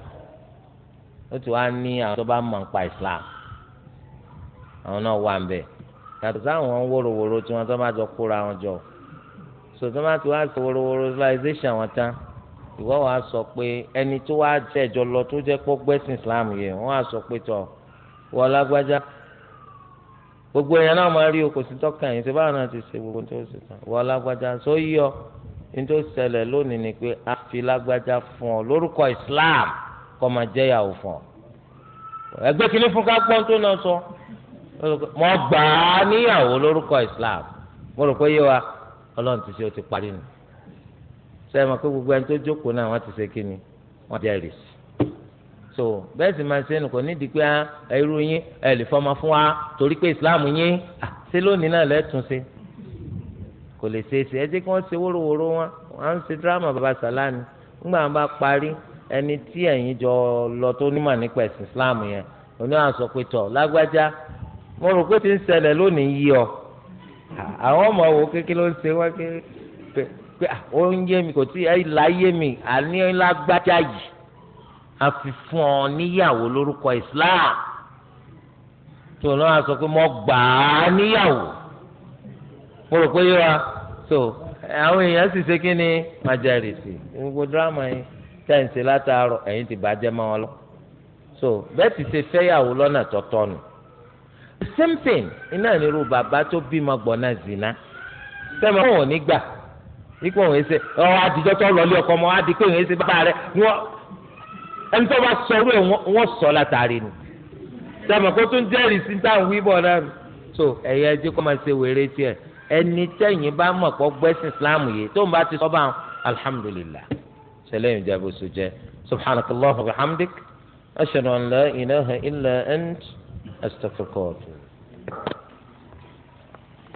ó ti wá ní àwọn tó bá mọ̀ nípa Islam àwọn náà wà ń bẹ̀ yàtọ̀ sáwọn wóróworó tí wọ́n tó bá jọ kóra wọn jọ so tó bá ti wá sí wóróworó civilization wọn tán ìwọ wàá sọ pé ẹni tó wá jẹjọ lọ tó jẹ pọ gbẹsìn Islam yẹn wọn wàá sọ pé tọ wọ lágbájá gbogbo èèyàn náà máa rí o kò sí tọ́kàn yìí ṣé náà ti ṣe gbogbo tó ṣe tán wọ lágbájá sọ yí ọ nítorí ṣẹlẹ̀ lónìí ni pé a fi lágbájá fún ọ lórúkọ Islam kọ́ máa jẹ́yàwó fún ọ ẹgbẹ́ kìíní fún ká gbọ́n tó náà sọ mo gbà á níyàwó lórúkọ islam mo rò pé yé wa ọlọ́run ti ṣe o ti parí nu sẹ́yìn mọ̀ pé gbogbo ẹni tó jókòó náà wọ́n ti ṣe kí ni wọ́n jẹ́rìí sí so bẹ́ẹ̀ sì máa ṣe nìkan nídìí pé irú ah, yín ẹ lè fọmọ fún wa torí pé islam yín ah, ṣé lónìí náà lẹ́tún ṣe kò lè ṣe é ṣe ẹ jẹ́ kí wọ́n ṣe wórówóró wọn à ń ṣe dírámà bàbá sàlámì ńgbà wọn bá parí ẹni tí ẹ̀yin jọ lọ tó nímọ̀ nípa ẹ̀sìn islam yẹn oní pé tọ̀ lágbájá mo rò pé ti ń ṣẹlẹ̀ lónìí yí ọ àwọn ọmọ wo kékeré ló ń ṣe wá ké pé oúnjẹ mi kò tí ẹ láyé mi àní lágbájá yìí a fi fún ọ níyàwó lórúkọ Islam tó náà sọ pé mo gbà á níyàwó mo rò pé yóò wá so àwọn èèyàn sì ṣe kí ni májàrìsì gbogbo dírámà yìí tẹ̀sí látàárọ̀ ẹ̀yìn ti bàjẹ́ mọ́ ọ lọ so bẹ́ẹ̀ ti ṣe fẹ́yàwó lọ́nà tọ́tọ́ nù. The simpin iná ní irú bàbá tó bímọ gbọ̀nà zina sẹ́mi ọ̀hún ò ní gbà ikú ọ̀hún ẹsẹ̀ ọ̀ adìjọ́ tó lọ́ọ́lé ọkọ ọmọ adì pé òun ẹsẹ̀ bàbá rẹ ni wọ́n ẹni tó bá sọ̀rọ̀ ẹ̀ wọ́n sọ látàrí ni sẹ́mi ọ̀kọ́ tó ń jẹ́rìí sí táwọn wí bọ̀ náà so ẹ̀yẹ ẹjẹ́ kọ́ máa ṣe wèrè tiẹ̀ ẹni tẹ́yìn bá mọ̀ kọ́ gbẹ́sìn Islam yìí tó ń bá ti sọ bá alhamdulillah sẹlẹ̀yìn jẹ́ bó so jẹ́ subhanakallah wa bihamdik ashhadu an la ilaha illa ant استغفر الله